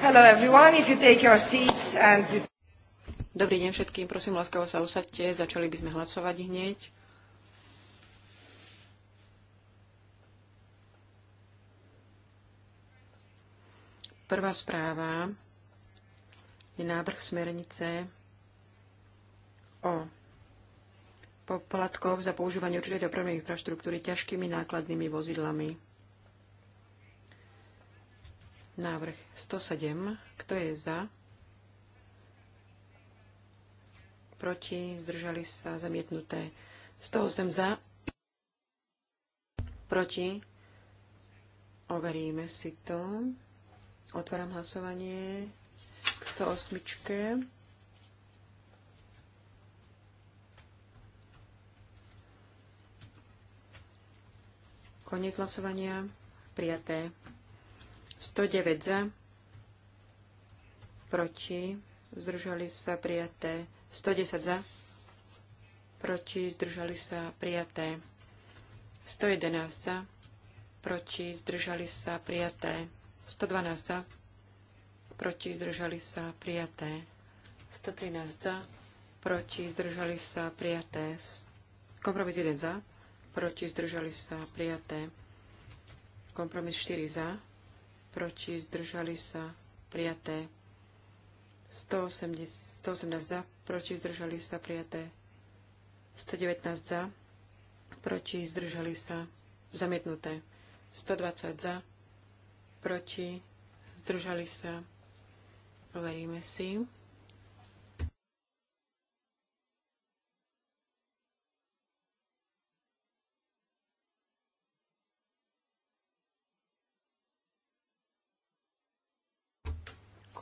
Hello everyone, if you take your seats and... Dobrý deň všetkým, prosím, láskavo sa usadte, začali by sme hlasovať hneď. Prvá správa je návrh smernice o poplatkoch za používanie určitej dopravnej infraštruktúry ťažkými nákladnými vozidlami. Návrh 107. Kto je za? Proti? Zdržali sa? Zamietnuté. 108 za. Proti? Overíme si to. Otváram hlasovanie k 108. Koniec hlasovania. Prijaté. 109 za, proti, zdržali sa prijaté 110 za, proti, zdržali sa prijaté 111 za, proti, zdržali sa prijaté 112 za, proti, zdržali sa prijaté 113 za, proti, zdržali sa prijaté kompromis 1 za, proti, zdržali sa prijaté kompromis 4 za, proti, zdržali sa, prijaté. 180, 118 za, proti, zdržali sa, prijaté. 119 za, proti, zdržali sa, zamietnuté. 120 za, proti, zdržali sa, overíme si.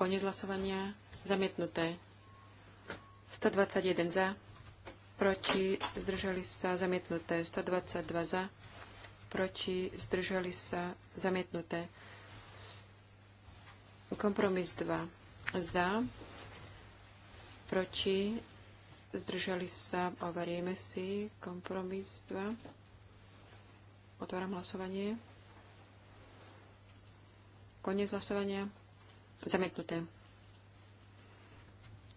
Koniec hlasovania. Zamietnuté. 121 za. Proti. Zdržali sa. Zamietnuté. 122 za. Proti. Zdržali sa. Zamietnuté. Kompromis 2. Za. Proti. Zdržali sa. Overíme si. Kompromis 2. Otváram hlasovanie. Koniec hlasovania. Zamietnuté.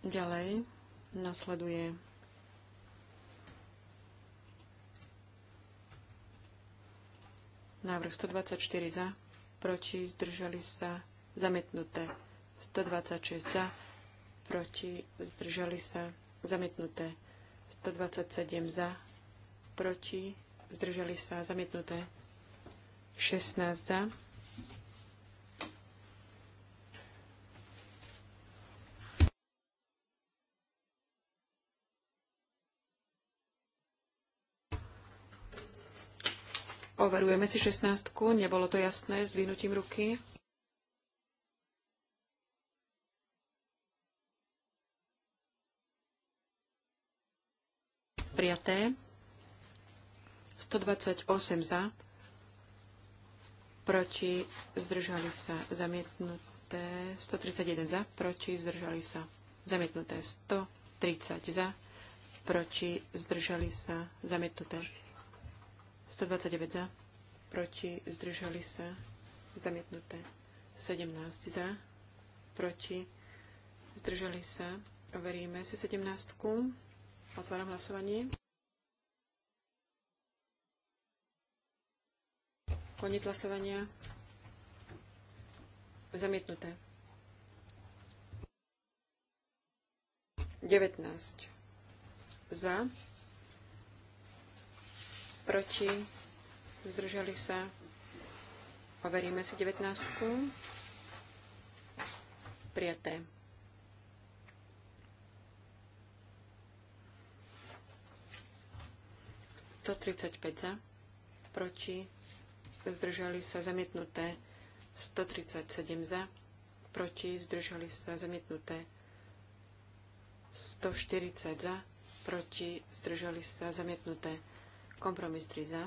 Ďalej nasleduje návrh 124 za, proti, zdržali sa, zamietnuté. 126 za, proti, zdržali sa, zamietnuté. 127 za, proti, zdržali sa, zamietnuté. 16 za, Overujeme si 16. Nebolo to jasné s vynutím ruky. Prijaté. 128 za. Proti zdržali sa zamietnuté. 131 za. Proti zdržali sa zamietnuté. 130 za. Proti zdržali sa zamietnuté. 129 za, proti, zdržali sa, zamietnuté. 17 za, proti, zdržali sa. Overíme si 17. Otváram hlasovanie. Koniec hlasovania. Zamietnuté. 19. Za proti, zdrželi sa. Overíme si 19. Prijaté. To 35 za, proti, zdržali sa zamietnuté 137 za, proti, zdržali sa zamietnuté 140 za, proti, zdržali sa zamietnuté Kompromis 3 za,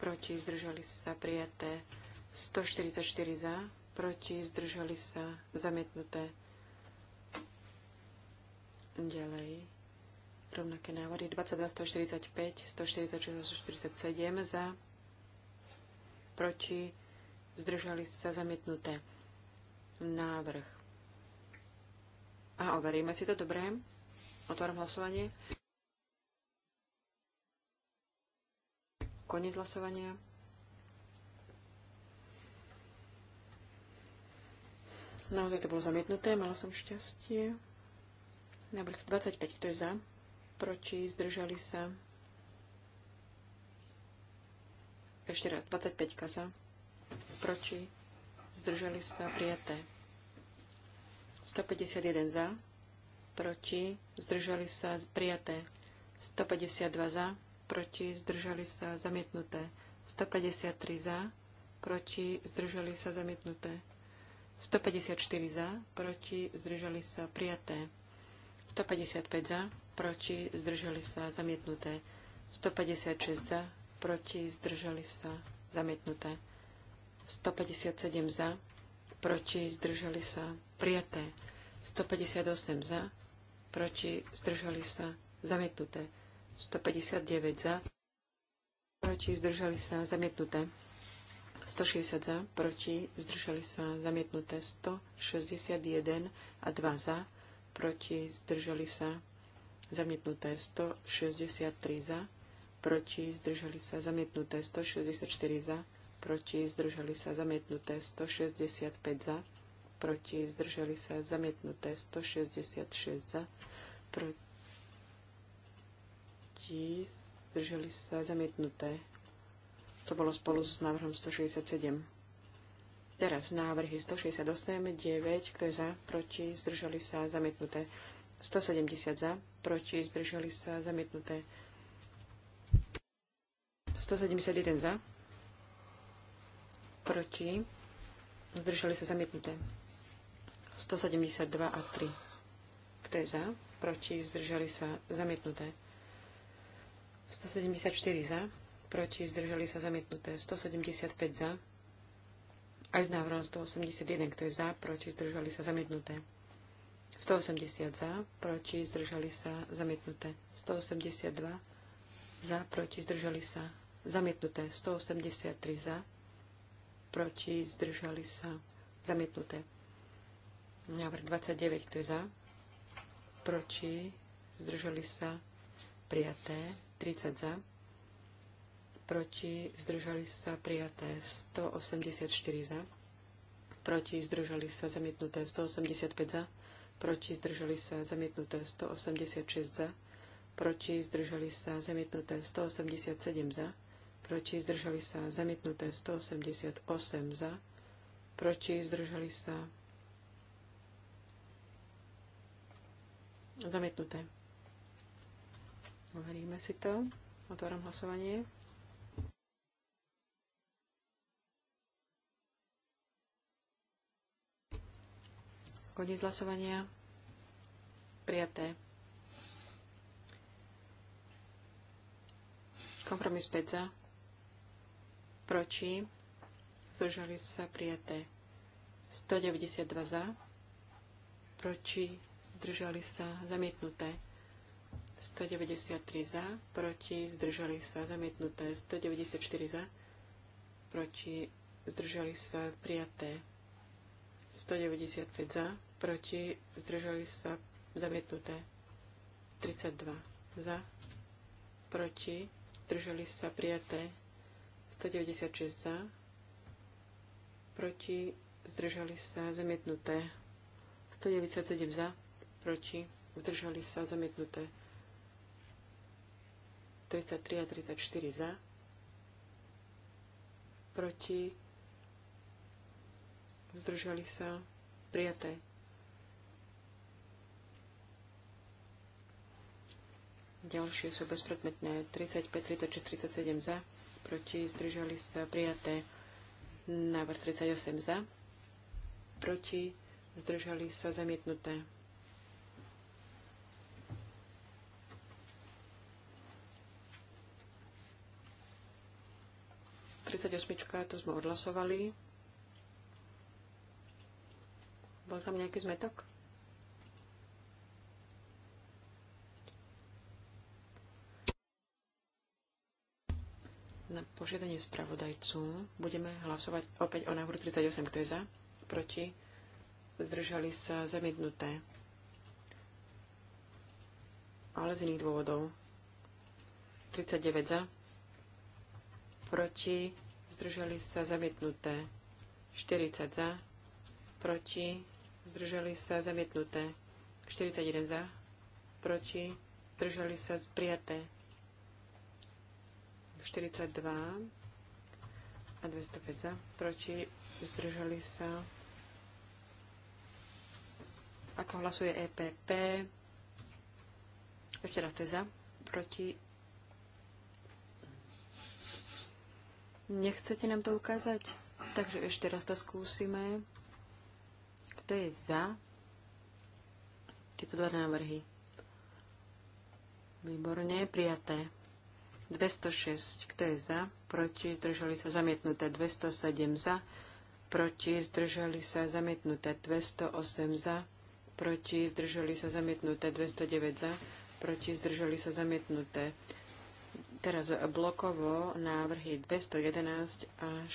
proti zdržali sa prijaté 144 za, proti zdržali sa zamietnuté. Ďalej rovnaké návody 22, 145, 146, 147 za, proti zdržali sa zamietnuté. Návrh. A overíme si to, dobré. Otváram hlasovanie. Koniec hlasovania. Naozaj to bolo zamietnuté, mala som šťastie. Návrh 25, kto je za? Proti, zdržali sa. Ešte raz, 25 za. Proti, zdržali sa, prijaté. 151 za, proti, zdržali sa, prijaté. 152 za, proti zdržali sa zamietnuté. 153 za, proti zdržali sa zamietnuté. 154 za, proti zdržali sa prijaté. 155 za, proti zdržali sa zamietnuté. 156 za, proti zdržali sa zamietnuté. 157 za, proti zdržali sa prijaté. 158 za, proti zdržali sa zamietnuté. 159 za, proti zdržali sa zamietnuté. 160 za, proti zdržali sa zamietnuté. 161 a 2 za, proti zdržali sa zamietnuté. 163 za, proti zdržali sa zamietnuté. 164 za, proti zdržali sa zamietnuté. 165 za, proti zdržali sa zamietnuté. 166 za, proti proti, zdržali sa zamietnuté. To bolo spolu s návrhom 167. Teraz návrhy 168, 9, kto je za, proti, zdržali sa, zamietnuté. 170 za, proti, zdržali sa, zamietnuté. 171 za, proti, zdržali sa, zamietnuté. 172 a 3. Kto je za, proti, zdržali sa, zamietnuté. 174 za, proti zdržali sa zamietnuté 175 za, aj s návrhom 181, kto je za, proti zdržali sa zamietnuté. 180 za, proti zdržali sa zamietnuté. 182 za, proti zdržali sa zamietnuté. 183 za, proti zdržali sa zamietnuté. Návrh 29, kto je za, proti zdržali sa prijaté. 30 za, proti zdržali sa prijaté 184 za, proti zdržali sa zamietnuté 185 za, proti zdržali sa zamietnuté 186 za, proti zdržali sa zamietnuté 187 za, proti zdržali sa zamietnuté 188 za, proti zdržali sa zamietnuté Overíme si to. Otváram hlasovanie. Koniec hlasovania. Prijaté. Kompromis 5 za. Proti. Zdržali sa prijaté. 192 za. Proti. Zdržali sa zamietnuté. 193 za, proti, zdržali sa, zamietnuté. 194 za, proti, zdržali sa, prijaté. 195 za, proti, zdržali sa, zamietnuté. 32 za, proti, zdržali sa, prijaté. 196 za, proti, zdržali sa, zamietnuté. 197 za, proti, zdržali sa, zamietnuté. 33 a 34 za, proti, zdržali sa, prijaté. Ďalšie sú bezpredmetné 35, 36, 37 za, proti, zdržali sa, prijaté. Návrh 38 za, proti, zdržali sa, zamietnuté. 38, to sme odhlasovali. Bol tam nejaký zmetok? Na požiadanie spravodajcu budeme hlasovať opäť o návrhu 38, kto je za, proti, zdržali sa zamietnuté, ale z iných dôvodov. 39 za, proti, zdržali sa zamietnuté. 40 za, proti, zdržali sa zamietnuté. 41 za, proti, zdržali sa prijaté. 42 a 205 za, proti, zdržali sa. Ako hlasuje EPP, ešte raz to je za, proti, Nechcete nám to ukázať? Takže ešte raz to skúsime. Kto je za tieto dva návrhy? Výborne, prijaté. 206, kto je za? Proti, zdržali sa zamietnuté. 207 za, proti, zdržali sa zamietnuté. 208 za, proti, zdržali sa zamietnuté. 209 za, proti, zdržali sa zamietnuté. Teraz blokovo návrhy 211 až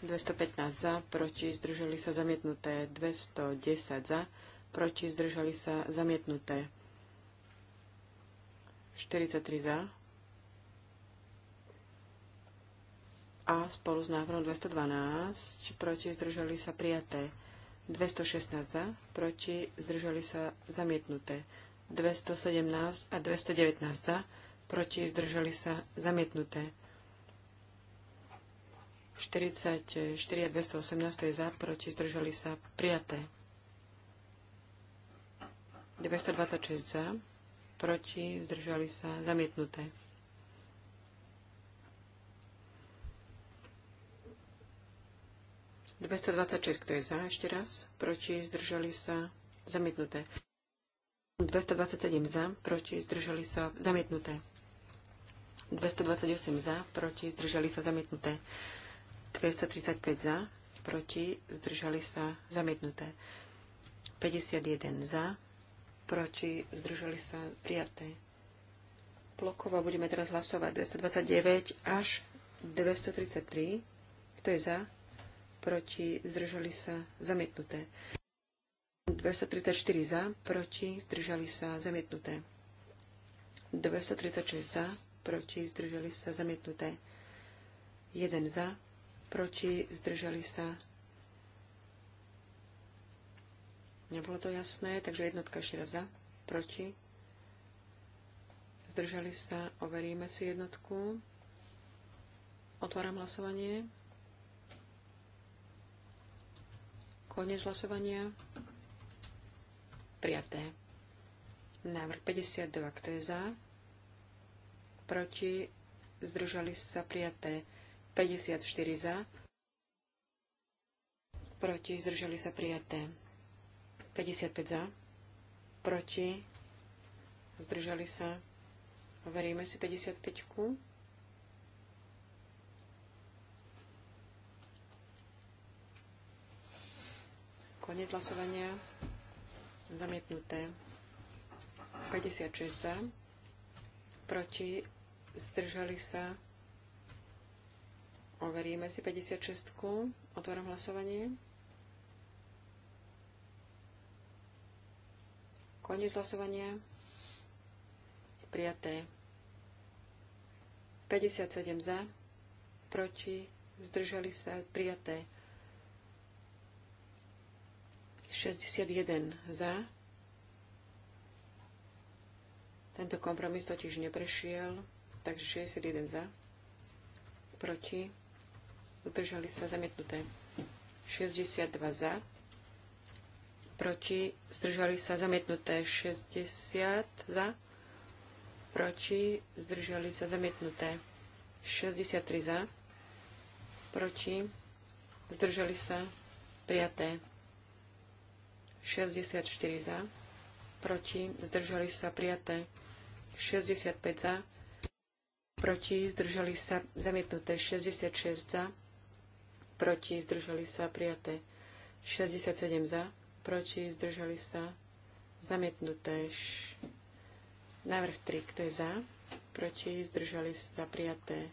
215 za, proti zdržali sa zamietnuté 210 za, proti zdržali sa zamietnuté 43 za a spolu s návrhom 212 proti zdržali sa prijaté 216 za, proti zdržali sa zamietnuté 217 a 219 za, proti, zdržali sa, zamietnuté. 44 a 218 je za, proti, zdržali sa, prijaté. 926 za, proti, zdržali sa, zamietnuté. Dvestodvadsaťšesť, kto je za, ešte raz, proti, zdržali sa, zamietnuté. 227 za, proti, zdržali sa, zamietnuté. 228 za, proti, zdržali sa zamietnuté. 235 za, proti, zdržali sa zamietnuté. 51 za, proti, zdržali sa prijaté. Blokovo budeme teraz hlasovať 229 až 233. Kto je za? Proti, zdržali sa zamietnuté. 234 za, proti, zdržali sa zamietnuté. 236 za, proti, zdržali sa, zamietnuté. 1 za, proti, zdržali sa. Nebolo to jasné, takže jednotka ešte raz za, proti. Zdržali sa, overíme si jednotku. Otváram hlasovanie. Koniec hlasovania. Prijaté. Návrh 52, kto je za? proti, zdržali sa prijaté 54 za, proti, zdržali sa prijaté 55 za, proti, zdržali sa, veríme si 55 -ku. Koniec hlasovania. Zamietnuté. 56 za. Proti zdržali sa. Overíme si 56. Otváram hlasovanie. Koniec hlasovania. Prijaté. 57 za, proti, zdržali sa, prijaté. 61 za. Tento kompromis totiž neprešiel. Takže 61 za. Proti. udržali sa zamietnuté. 62 za. Proti. Zdržali sa zamietnuté. 60 za. Proti. Zdržali sa zamietnuté. 63 za. Proti. Zdržali sa. Prijaté. 64 za. Proti. Zdržali sa. Prijaté. 65 za proti, zdržali sa zamietnuté 66 za, proti, zdržali sa prijaté 67 za, proti, zdržali sa zamietnuté návrh 3, kto je za, proti, zdržali sa prijaté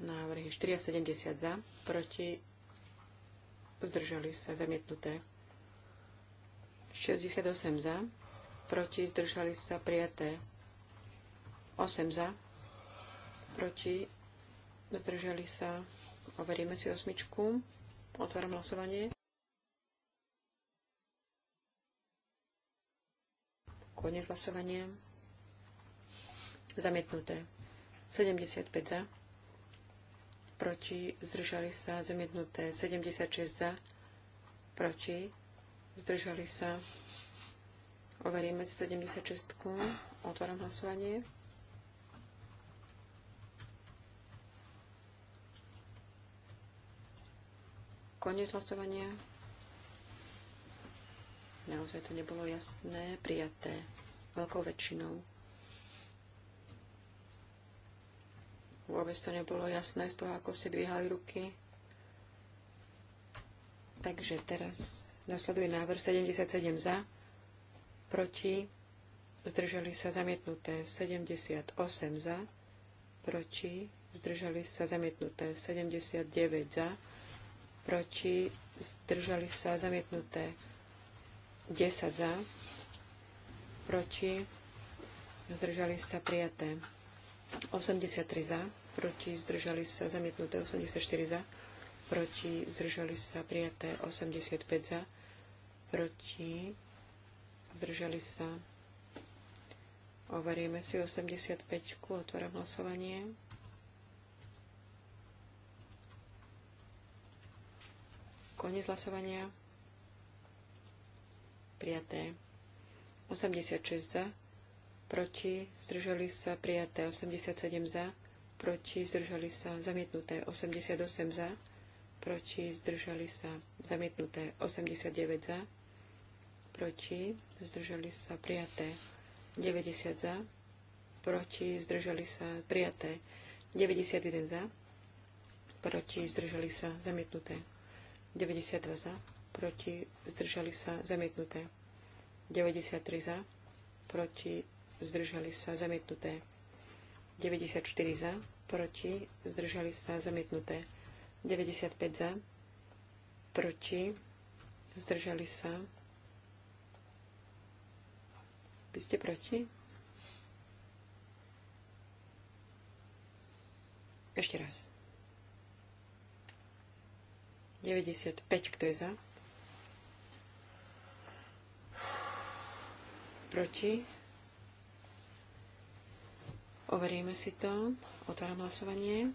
návrhy 4 a 70 za, proti, zdržali sa zamietnuté 68 za, proti, zdržali sa prijaté. 8 za, proti, zdržali sa, overíme si osmičku, otváram hlasovanie. Koniec hlasovania. Zamietnuté. 75 za, proti, zdržali sa, zamietnuté. 76 za, proti, zdržali sa, Overíme si 76. Otváram hlasovanie. Koniec hlasovania. Naozaj to nebolo jasné, prijaté veľkou väčšinou. Vôbec to nebolo jasné z toho, ako ste dvíhali ruky. Takže teraz nasleduje návrh 77 za proti, zdržali sa zamietnuté 78 za, proti, zdržali sa zamietnuté 79 za, proti, zdržali sa zamietnuté 10 za, proti, zdržali sa prijaté 83 za, proti, zdržali sa zamietnuté 84 za, proti, zdržali sa prijaté 85 za, proti, zdržali sa. Overíme si 85, otváram hlasovanie. Koniec hlasovania. Prijaté. 86 za, proti, zdržali sa, prijaté 87 za, proti, zdržali sa, zamietnuté 88 za, proti, zdržali sa, zamietnuté 89 za, proti, zdržali sa prijaté. 90 za, proti, zdržali sa prijaté. 91 za, proti, zdržali sa zamietnuté. 92 za, proti, zdržali sa zamietnuté. 93 za, proti, zdržali sa zamietnuté. 94 za, proti, zdržali sa zamietnuté. 95 za, proti, zdržali sa vy ste proti? Ešte raz. 95, kto je za? Proti? Overíme si to. Otváram hlasovanie.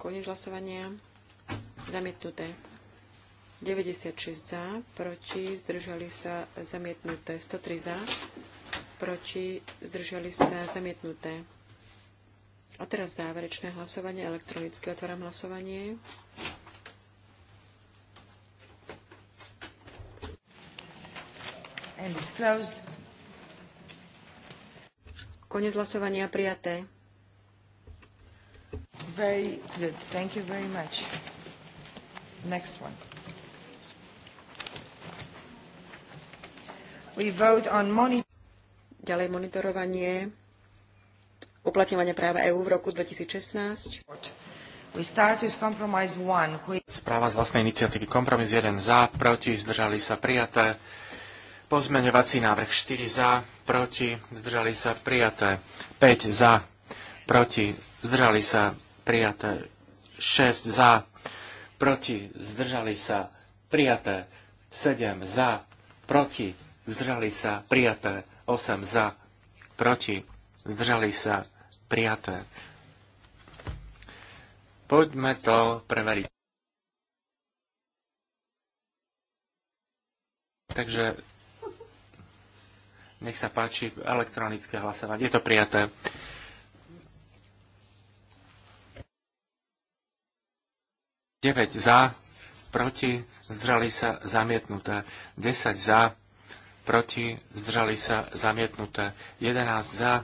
Koniec hlasovania. Zamietnuté. 96 za, proti, zdržali sa zamietnuté. 103 za, proti, zdržali sa zamietnuté. A teraz záverečné hlasovanie elektronicky. Otváram hlasovanie. And it's closed. Konec hlasovania prijaté. Very good. Thank you very much. Next one. We vote on monitor- Ďalej monitorovanie uplatňovania práva EÚ v roku 2016. Správa z vlastnej iniciatívy kompromis 1 za, proti, zdržali sa prijaté. Pozmeňovací návrh 4 za, proti, zdržali sa prijaté. 5 za, proti, zdržali sa prijaté. 6 za, proti, zdržali sa, prijaté. 7 za, proti, zdržali sa, prijaté. 8 za, proti, zdržali sa, prijaté. Poďme to preveriť. Takže nech sa páči elektronické hlasovanie. Je to prijaté. 9 za, proti, zdržali sa zamietnuté. 10 za, proti, zdržali sa zamietnuté. 11 za,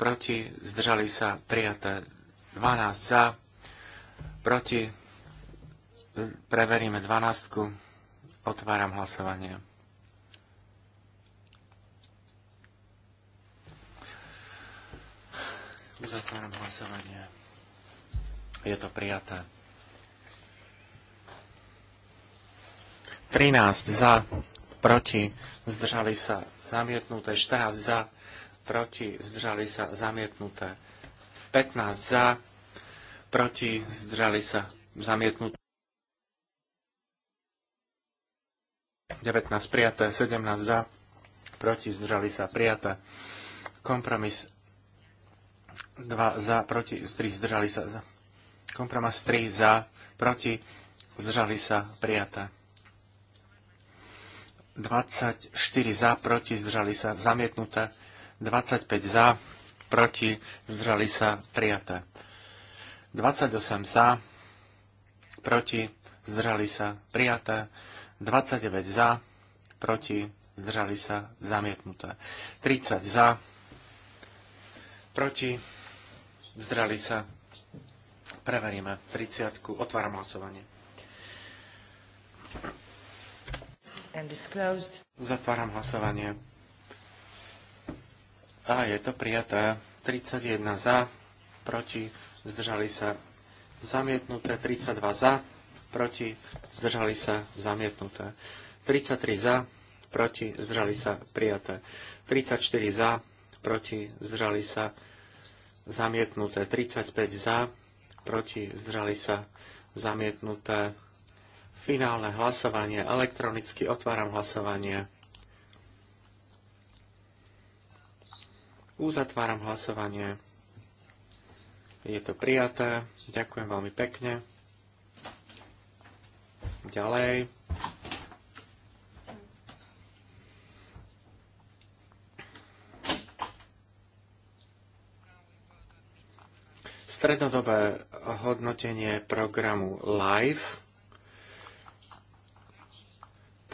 proti, zdrali sa prijaté. 12 za, proti, preveríme 12. Otváram hlasovanie. Uzatváram hlasovanie. Je to prijaté. 13 za, proti, zdržali sa zamietnuté, 14 za, proti, zdržali sa zamietnuté, 15 za, proti, zdržali sa zamietnuté. 19 prijaté, 17 za, proti, zdržali sa prijaté. Kompromis 2 za, proti, 3 zdržali sa za. Kompromis 3 za, proti, zdržali sa prijaté. 24 za, proti, zdržali sa, zamietnuté. 25 za, proti, zdržali sa, prijaté. 28 za, proti, zdržali sa, prijaté. 29 za, proti, zdržali sa, zamietnuté. 30 za, proti, zdržali sa, preveríme. 30. Otváram hlasovanie. And it's closed. Uzatváram hlasovanie. A je to prijaté. 31 za, proti, zdržali sa zamietnuté, 32 za, proti, zdržali sa zamietnuté, 33 za, proti, zdržali sa prijaté, 34 za, proti, zdržali sa zamietnuté, 35 za, proti, zdržali sa zamietnuté, Finálne hlasovanie. Elektronicky otváram hlasovanie. Uzatváram hlasovanie. Je to prijaté. Ďakujem veľmi pekne. Ďalej. Strednodobé hodnotenie programu LIFE.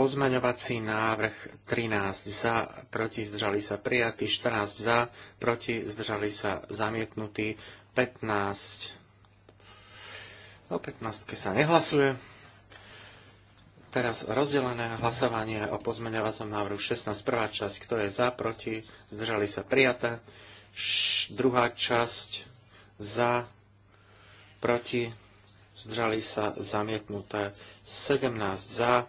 Pozmaňovací návrh 13 za, proti zdržali sa prijatí, 14 za, proti zdržali sa zamietnutí, 15. O 15 sa nehlasuje. Teraz rozdelené hlasovanie o pozmeňovacom návrhu 16. Prvá časť, kto je za, proti, zdržali sa prijaté. Š, druhá časť, za, proti, zdržali sa zamietnuté. 17 za,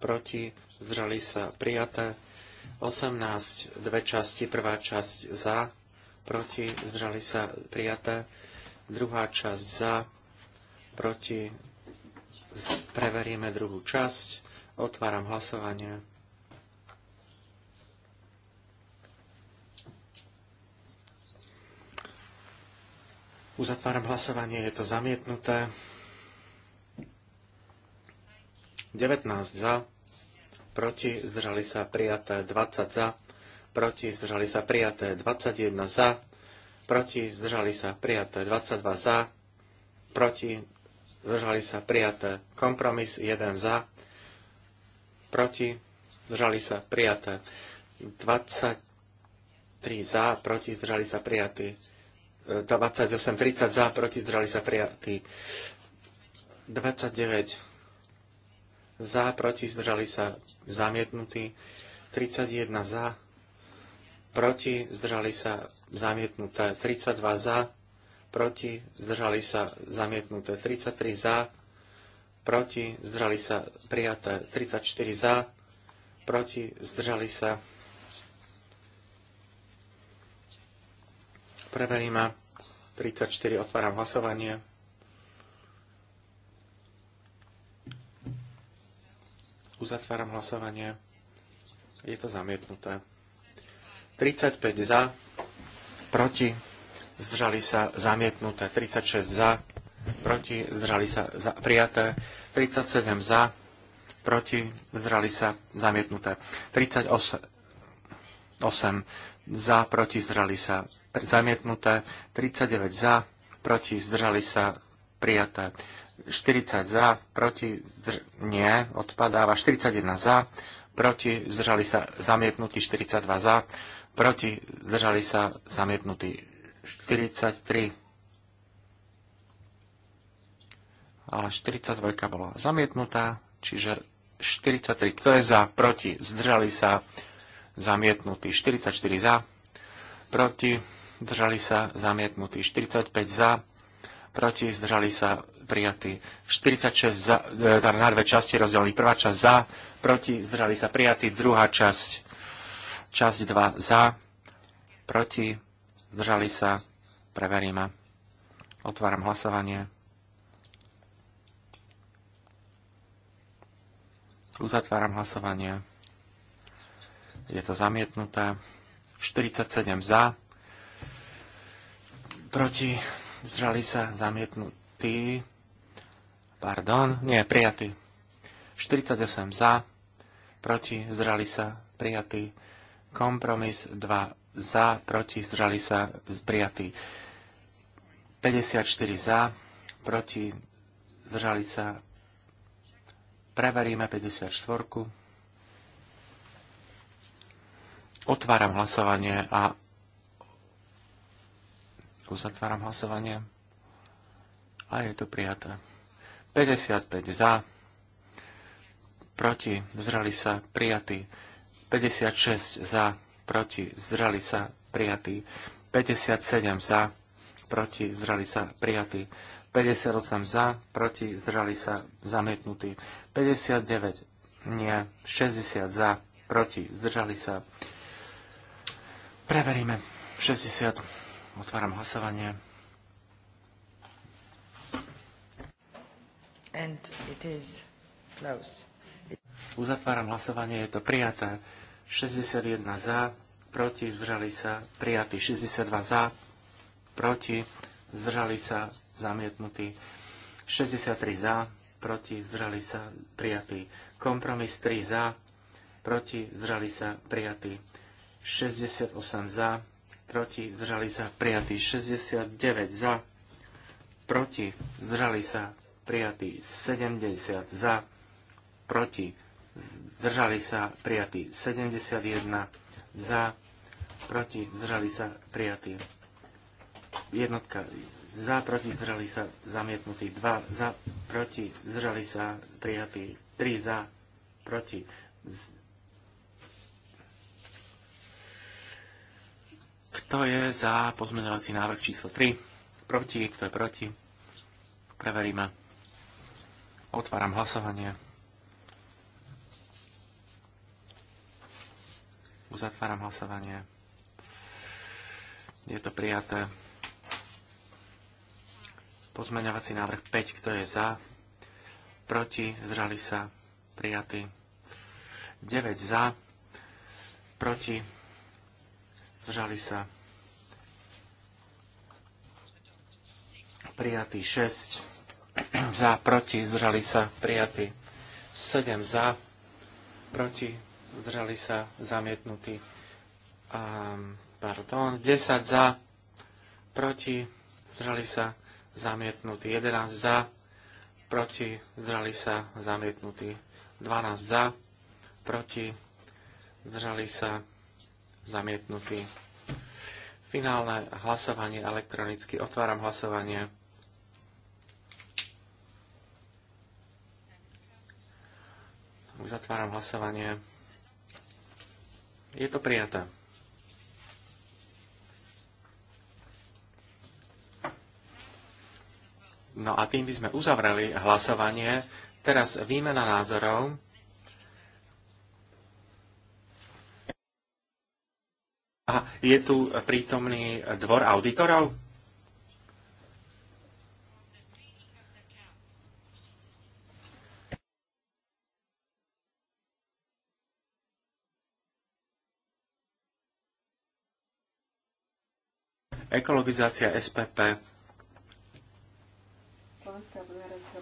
proti, zdržali sa prijaté. 18, dve časti, prvá časť za, proti, zdržali sa prijaté. Druhá časť za, proti, preveríme druhú časť. Otváram hlasovanie. Uzatváram hlasovanie, je to zamietnuté. 19 za, proti, zdržali sa prijaté 20 za, proti, zdržali sa prijaté 21 za, proti, zdržali sa prijaté 22 za, proti, zdržali sa prijaté kompromis 1 za, proti, zdržali sa prijaté 23 za, proti, zdržali sa prijatí 28, 30 za, proti, zdržali sa prijatí 29 za, proti, zdržali sa zamietnutí, 31 za, proti, zdržali sa zamietnuté, 32 za, proti, zdržali sa zamietnuté, 33 za, proti, zdržali sa prijaté, 34 za, proti, zdržali sa. Preveríme 34, otváram hlasovanie. Uzatváram hlasovanie. Je to zamietnuté. 35 za, proti, zdržali sa zamietnuté. 36 za, proti, zdržali sa za, prijaté. 37 za, proti, zdržali sa zamietnuté. 38 8 za, proti, zdržali sa zamietnuté. 39 za, proti, zdržali sa prijaté. 40 za, proti, zdr- nie, odpadáva 41 za, proti, zdržali sa zamietnutí 42 za, proti, zdržali sa zamietnutí 43. Ale 42 bola zamietnutá, čiže 43, kto je za, proti, zdržali sa zamietnutí 44 za, proti, zdržali sa zamietnutí 45 za, proti, zdržali sa prijatý. 46 za, e, tam teda na dve časti rozdelili. Prvá časť za, proti, zdržali sa prijatí. Druhá časť, časť 2 za, proti, zdržali sa, preveríme. Otváram hlasovanie. Uzatváram hlasovanie. Je to zamietnuté. 47 za, proti, zdržali sa, zamietnutí. Pardon, nie, prijatý. 48 za, proti, zdrali sa, prijatý. Kompromis 2 za, proti, zdrali sa, prijatý. 54 za, proti, zdrali sa. Preveríme 54. Otváram hlasovanie a uzatváram hlasovanie. A je to prijaté. 55 za, proti, zrali sa, prijatí. 56 za, proti, zrali sa, prijatí. 57 za, proti, zrali sa, prijatí. 58 za, proti, zrali sa, zamietnutí. 59 nie, 60 za, proti, zdržali sa. Preveríme. 60. Otváram hlasovanie. Uzatváram hlasovanie, je to prijaté. 61 za, proti, zdržali sa, prijatí 62 za, proti, zdržali sa, zamietnutí 63 za, proti, zdržali sa, prijatí. Kompromis 3 za, proti, zdržali sa, prijatí. 68 za, proti, zdržali sa, prijatí. 69 za, proti, zdržali sa, prijatý 70 za, proti, zdržali sa, prijatý 71 za, proti, zdržali sa, prijatý jednotka za, proti, zdržali sa, zamietnutý 2 za, proti, zdržali sa, prijatý 3 za, proti, z... Kto je za pozmeňovací návrh číslo 3? Proti? Kto je proti? Preveríme. Otváram hlasovanie. Uzatváram hlasovanie. Je to prijaté. Pozmeňovací návrh 5, kto je za, proti, zrali sa, prijatý. 9 za, proti, zrali sa, prijatý 6 za, proti, zdržali sa, prijatí. 7 za, proti, zdržali sa, zamietnutí. A, pardon, 10 za, proti, zdržali sa, zamietnutí. 11 za, proti, zdržali sa, zamietnutí. 12 za, proti, zdržali sa, zamietnutí. Finálne hlasovanie elektronicky. Otváram hlasovanie. Uzatváram hlasovanie. Je to prijaté. No a tým by sme uzavrali hlasovanie. Teraz výmena názorov. A je tu prítomný dvor auditorov? ekologizácia SPP. Slovenská federácia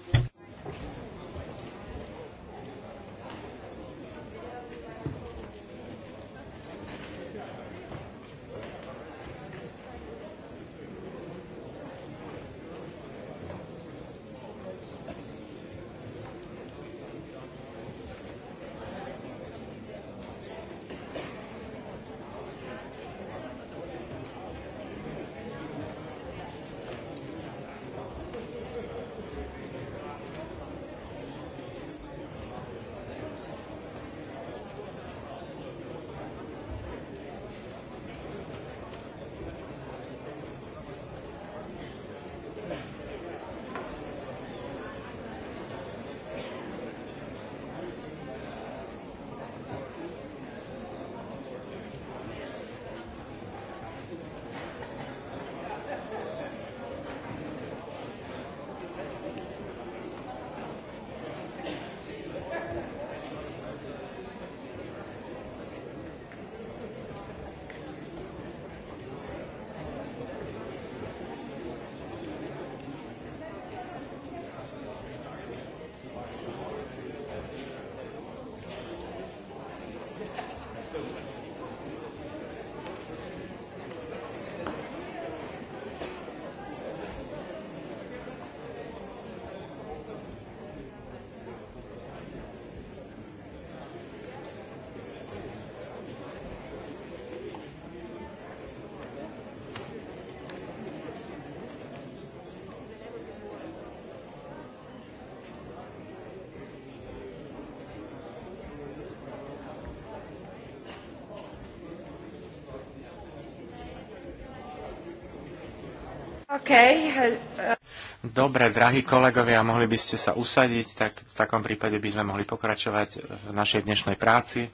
Okay. Uh, Dobre, drahí kolegovia, mohli by ste sa usadiť, tak v takom prípade by sme mohli pokračovať v našej dnešnej práci.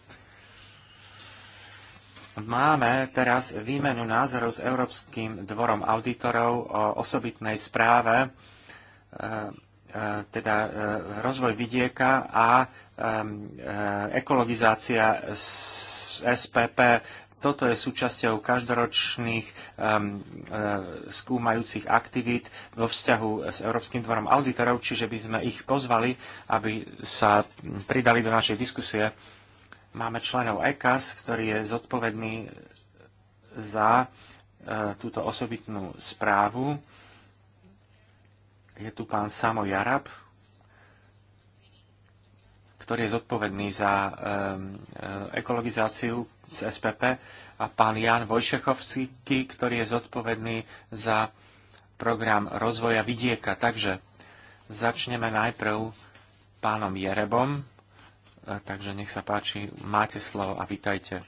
Máme teraz výmenu názorov s Európskym dvorom auditorov o osobitnej správe, e, e, teda e, rozvoj vidieka a ekologizácia SPP toto je súčasťou každoročných um, uh, skúmajúcich aktivít vo vzťahu s Európskym dvorom auditorov, čiže by sme ich pozvali, aby sa pridali do našej diskusie. Máme členov ECAS, ktorý je zodpovedný za uh, túto osobitnú správu. Je tu pán Samo Jarab, ktorý je zodpovedný za um, ekologizáciu z SPP a pán Jan Vojšechovský, ktorý je zodpovedný za program rozvoja vidieka. Takže začneme najprv pánom Jerebom. E, takže nech sa páči, máte slovo a vítajte.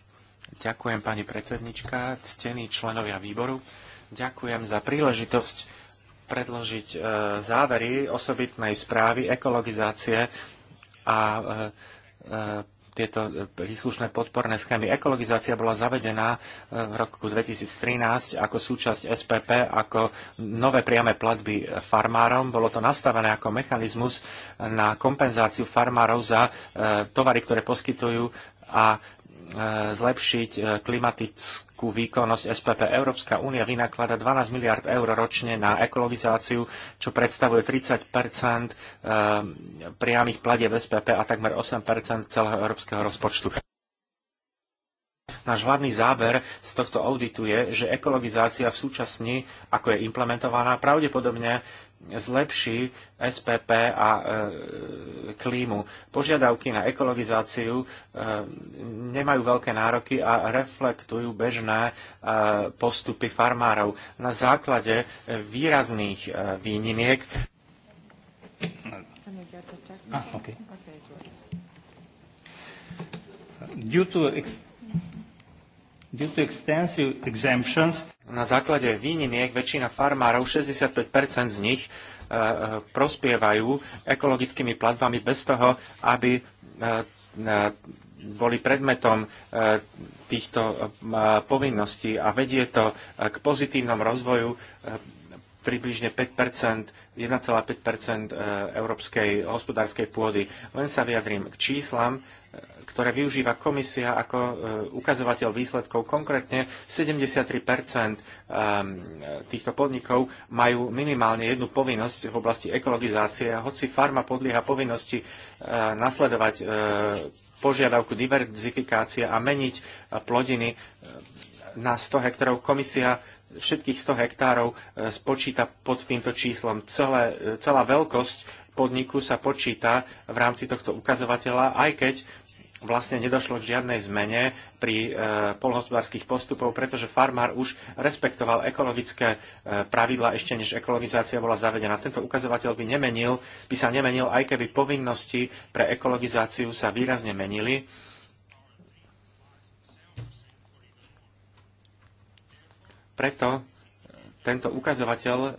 Ďakujem, pani predsednička, ctení členovia výboru. Ďakujem za príležitosť predložiť e, závery osobitnej správy ekologizácie a e, e, tieto príslušné podporné schémy. Ekologizácia bola zavedená e, v roku 2013 ako súčasť SPP, ako nové priame platby farmárom. Bolo to nastavené ako mechanizmus na kompenzáciu farmárov za tovary, ktoré poskytujú a E, zlepšiť e, klimatickú výkonnosť SPP. Európska únia vynaklada 12 miliard eur ročne na ekologizáciu, čo predstavuje 30 e, priamých platieb SPP a takmer 8 celého európskeho rozpočtu. Náš hlavný záber z tohto auditu je, že ekologizácia v súčasni, ako je implementovaná, pravdepodobne zlepší SPP a e, klímu. Požiadavky na ekologizáciu e, nemajú veľké nároky a reflektujú bežné e, postupy farmárov na základe výrazných e, výnimiek. Ah, okay. Due to, ex- due to extensive exemptions, na základe výnimiek väčšina farmárov, 65 z nich, e, e, prospievajú ekologickými platbami bez toho, aby e, boli predmetom týchto povinností a vedie to k pozitívnom rozvoju približne 5%, 1,5% e, európskej hospodárskej pôdy. Len sa vyjadrím k číslam, e, ktoré využíva komisia ako e, ukazovateľ výsledkov. Konkrétne 73% týchto podnikov majú minimálne jednu povinnosť v oblasti ekologizácie. A hoci farma podlieha povinnosti nasledovať požiadavku diverzifikácie a meniť plodiny na 100 hektárov, komisia všetkých 100 hektárov e, spočíta pod týmto číslom. Celé, e, celá veľkosť podniku sa počíta v rámci tohto ukazovateľa, aj keď vlastne nedošlo k žiadnej zmene pri e, polnohospodárských postupov, pretože farmár už respektoval ekologické e, pravidla ešte než ekologizácia bola zavedená. Tento ukazovateľ by, nemenil, by sa nemenil, aj keby povinnosti pre ekologizáciu sa výrazne menili Preto tento ukazovateľ e,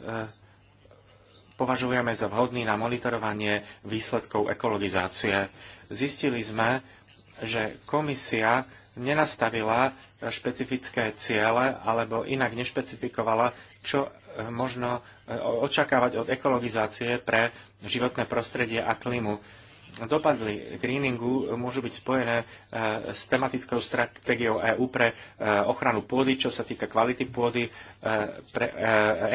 považujeme za vhodný na monitorovanie výsledkov ekologizácie. Zistili sme, že komisia nenastavila špecifické ciele alebo inak nešpecifikovala, čo e, možno e, očakávať od ekologizácie pre životné prostredie a klimu dopady greeningu môžu byť spojené eh, s tematickou stratégiou EÚ pre eh, ochranu pôdy, čo sa týka kvality pôdy, eh, pre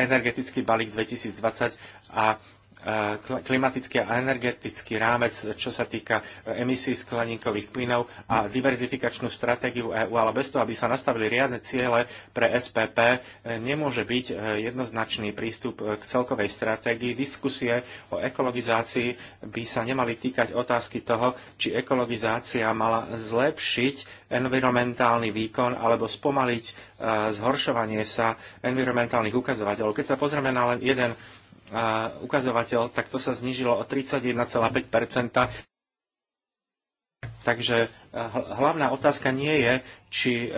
energetický balík 2020 a E, klimatický a energetický rámec, čo sa týka e, emisí skleníkových plynov a diverzifikačnú stratégiu EÚ, ale bez toho, aby sa nastavili riadne ciele pre SPP, e, nemôže byť jednoznačný prístup k celkovej stratégii. Diskusie o ekologizácii by sa nemali týkať otázky toho, či ekologizácia mala zlepšiť environmentálny výkon alebo spomaliť zhoršovanie sa environmentálnych ukazovateľov. Keď sa pozrieme na len jeden a ukazovateľ, tak to sa znížilo o 31,5 Takže eh, hlavná otázka nie je, či eh,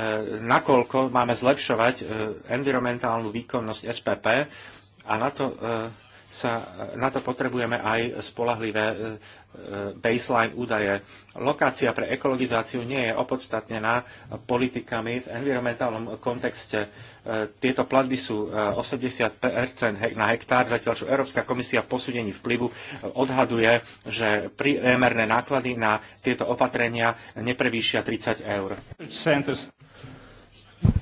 nakoľko máme zlepšovať eh, environmentálnu výkonnosť SPP a na to sa, na to potrebujeme aj spolahlivé e, e, baseline údaje. Lokácia pre ekologizáciu nie je opodstatnená politikami v environmentálnom kontexte. E, tieto platby sú 80 na hektár, zatiaľ čo Európska komisia v posúdení vplyvu odhaduje, že priemerné náklady na tieto opatrenia neprevýšia 30 eur.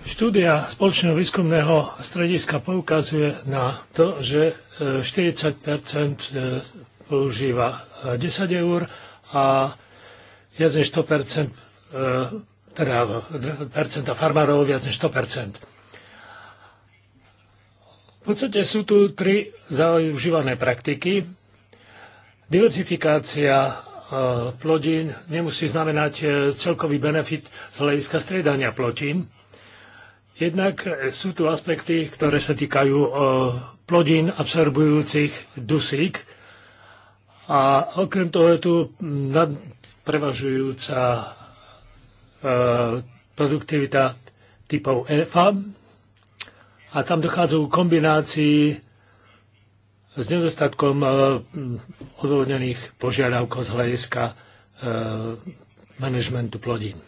Štúdia spoločného výskumného strediska poukazuje na to, že 40 e, používa 10 e, eur a viac než 100 e, teda percenta farmárov viac než 100 V podstate sú tu tri zaužívané praktiky. Diversifikácia plodín nemusí znamenať celkový benefit z hľadiska striedania plodín. Jednak sú tu aspekty, ktoré sa týkajú plodín absorbujúcich dusík. A okrem toho je tu prevažujúca e, produktivita typov EFA a tam dochádza k kombinácii s nedostatkom e, odvodnených požiadavkov z hľadiska e, manažmentu plodín.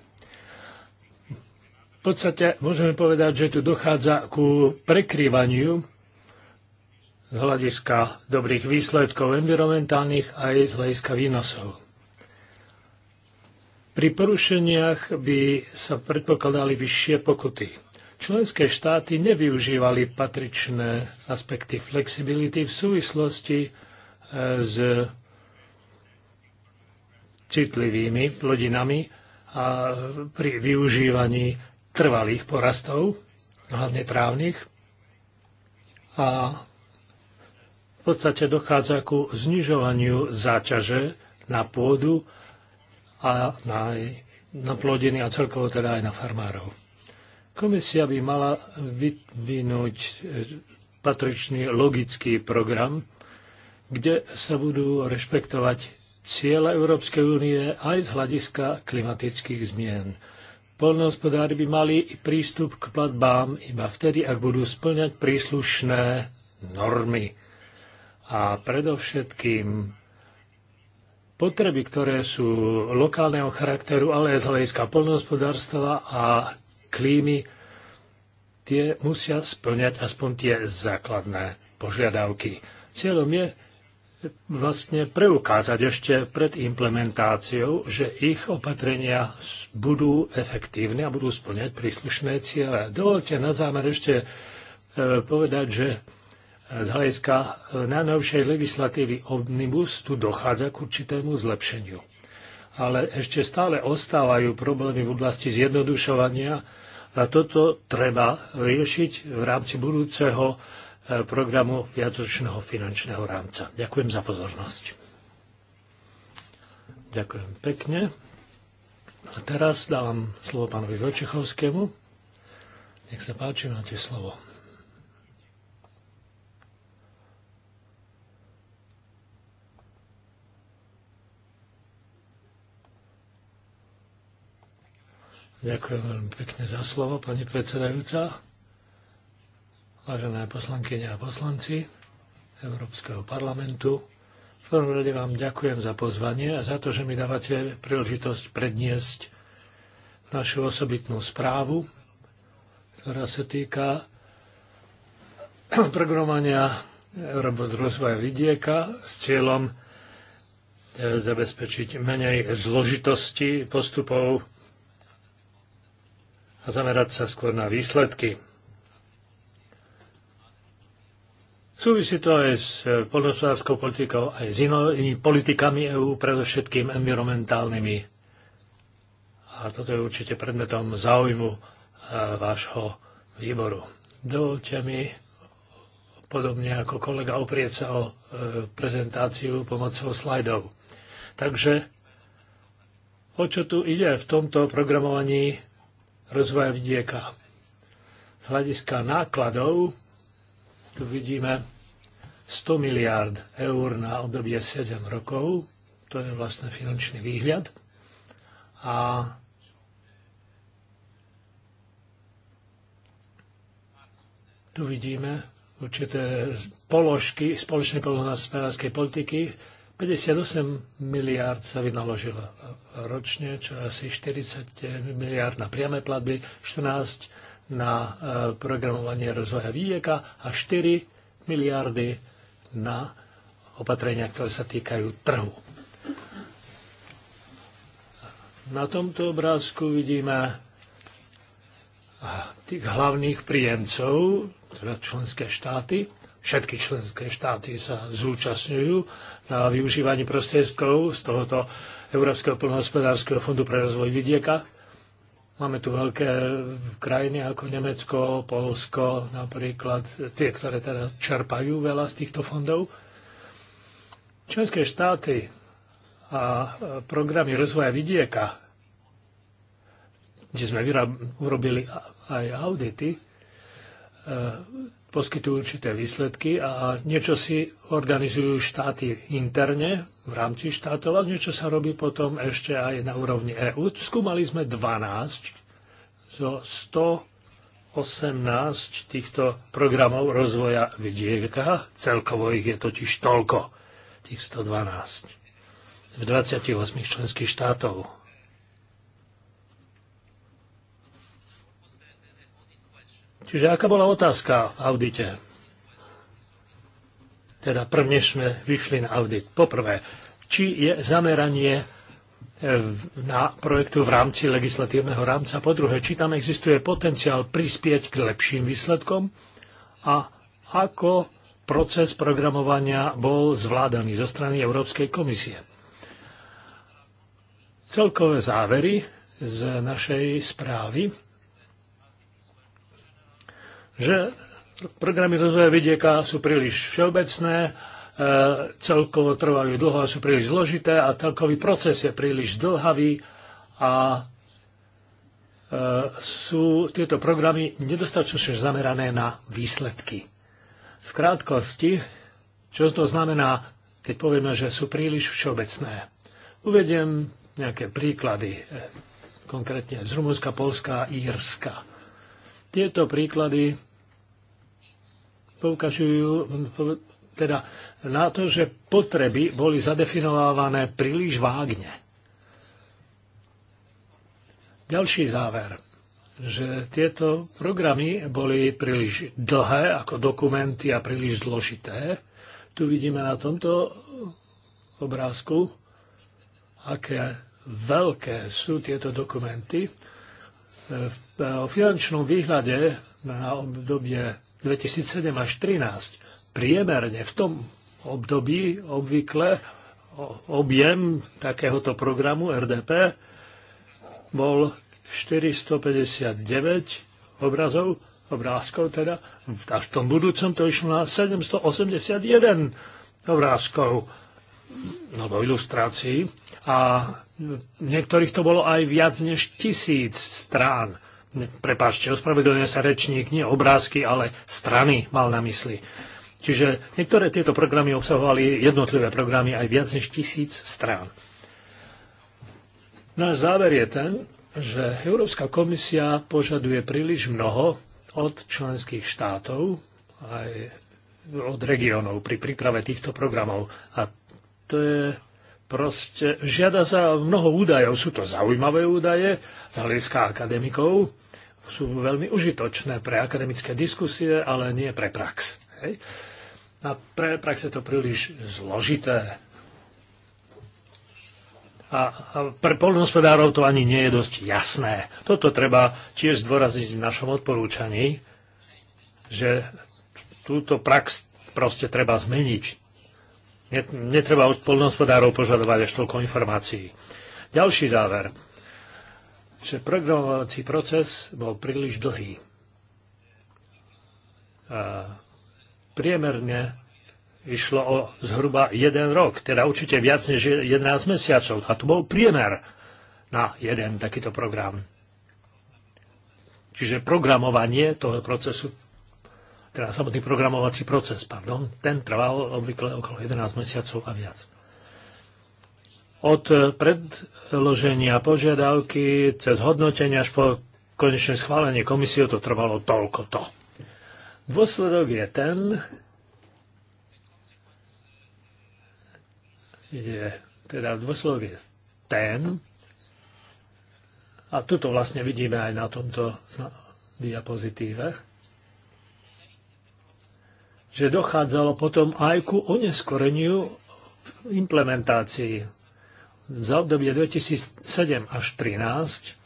V podstate môžeme povedať, že tu dochádza ku prekrývaniu z hľadiska dobrých výsledkov environmentálnych aj z hľadiska výnosov. Pri porušeniach by sa predpokladali vyššie pokuty. Členské štáty nevyužívali patričné aspekty flexibility v súvislosti e, s citlivými plodinami a pri využívaní trvalých porastov, hlavne trávnych. A podstate dochádza ku znižovaniu záťaže na pôdu a na, na plodiny a celkovo teda aj na farmárov. Komisia by mala vyvinúť e, patričný logický program, kde sa budú rešpektovať cieľa Európskej únie aj z hľadiska klimatických zmien. Polnohospodári by mali prístup k platbám iba vtedy, ak budú splňať príslušné normy a predovšetkým potreby, ktoré sú lokálneho charakteru, ale aj z hľadiska polnohospodárstva a klímy, tie musia splňať aspoň tie základné požiadavky. Cieľom je vlastne preukázať ešte pred implementáciou, že ich opatrenia budú efektívne a budú splňať príslušné ciele. Dovolte na zámer ešte eh, povedať, že z hľadiska e, najnovšej legislatívy Omnibus tu dochádza k určitému zlepšeniu. Ale ešte stále ostávajú problémy v oblasti zjednodušovania a toto treba riešiť v rámci budúceho e, programu viacročného finančného rámca. Ďakujem za pozornosť. Ďakujem pekne. A teraz dávam slovo pánovi Vojčechovskému. Nech sa páči, máte slovo. Ďakujem veľmi pekne za slovo, pani predsedajúca. Vážené poslankyne a poslanci Európskeho parlamentu, v prvom rade vám ďakujem za pozvanie a za to, že mi dávate príležitosť predniesť našu osobitnú správu, ktorá sa týka programovania rozvoja vidieka s cieľom e, zabezpečiť menej zložitosti postupov a zamerať sa skôr na výsledky. Súvisí to aj s e, poľnohospodárskou politikou, aj s inými politikami EÚ, predovšetkým environmentálnymi. A toto je určite predmetom záujmu e, vášho výboru. Dovolte mi, podobne ako kolega, oprieť sa o e, prezentáciu pomocou slajdov. Takže o čo tu ide v tomto programovaní rozvoja vidieka. Z hľadiska nákladov tu vidíme 100 miliárd eur na obdobie 7 rokov, to je vlastne finančný výhľad. A tu vidíme určité položky spoločnej poľnohospodárskej politiky 58 miliárd sa vynaložilo ročne, čo je asi 40 miliárd na priame platby, 14 na e, programovanie rozvoja výjeka a 4 miliardy na opatrenia, ktoré sa týkajú trhu. Na tomto obrázku vidíme tých hlavných príjemcov, teda členské štáty. Všetky členské štáty sa zúčastňujú na využívanie prostriedkov z tohoto Európskeho plnohospodárskeho fondu pre rozvoj vidieka. Máme tu veľké krajiny ako Nemecko, Polsko napríklad, tie, ktoré teda čerpajú veľa z týchto fondov. Členské štáty a programy rozvoja vidieka, kde sme urobili aj audity, E, poskytujú určité výsledky a niečo si organizujú štáty interne v rámci štátov a niečo sa robí potom ešte aj na úrovni EÚ. Skúmali sme 12 zo 118 týchto programov rozvoja vidieka. Celkovo ich je totiž toľko, tých 112 v 28 členských štátov Čiže aká bola otázka v audite? Teda prvne sme vyšli na audit. Poprvé, či je zameranie e, na projektu v rámci legislatívneho rámca. Po druhé, či tam existuje potenciál prispieť k lepším výsledkom a ako proces programovania bol zvládaný zo strany Európskej komisie. Celkové závery z našej správy že programy rozvoja vidieka sú príliš všeobecné, e, celkovo trvajú dlho a sú príliš zložité a celkový proces je príliš dlhavý a e, sú tieto programy nedostatočne zamerané na výsledky. V krátkosti, čo to znamená, keď povieme, že sú príliš všeobecné. Uvediem nejaké príklady, e, konkrétne z Rumunska, Polska a Írska. Tieto príklady poukažujú teda na to, že potreby boli zadefinovávané príliš vágne. Ďalší záver, že tieto programy boli príliš dlhé ako dokumenty a príliš zložité. Tu vidíme na tomto obrázku, aké veľké sú tieto dokumenty. V eh, finančnom výhľade na obdobie 2007 až 2013. Priemerne v tom období obvykle objem takéhoto programu RDP bol 459 obrazov, obrázkov teda, a v tom budúcom to išlo na 781 obrázkov alebo no, ilustrácií a niektorých to bolo aj viac než tisíc strán prepáčte, ospravedlňuje sa rečník, nie obrázky, ale strany mal na mysli. Čiže niektoré tieto programy obsahovali jednotlivé programy aj viac než tisíc strán. Náš záver je ten, že Európska komisia požaduje príliš mnoho od členských štátov, aj od regiónov pri príprave týchto programov. A to je proste, žiada sa mnoho údajov, sú to zaujímavé údaje z hľadiska akademikov, sú veľmi užitočné pre akademické diskusie, ale nie pre prax. Hej? A pre prax je to príliš zložité. A, a pre polnohospodárov to ani nie je dosť jasné. Toto treba tiež zdôraziť v našom odporúčaní, že túto prax proste treba zmeniť. Netreba od polnohospodárov požadovať až toľko informácií. Ďalší záver že programovací proces bol príliš dlhý. A priemerne išlo o zhruba jeden rok, teda určite viac než 11 mesiacov. A to bol priemer na jeden takýto program. Čiže programovanie toho procesu, teda samotný programovací proces, pardon, ten trval obvykle okolo 11 mesiacov a viac od predloženia požiadavky cez hodnotenie až po konečné schválenie komisie to trvalo toľko to. Dôsledok je ten, je, teda dôsledok je ten, a tuto vlastne vidíme aj na tomto diapozitíve, že dochádzalo potom aj ku oneskoreniu v implementácii za obdobie 2007 až 2013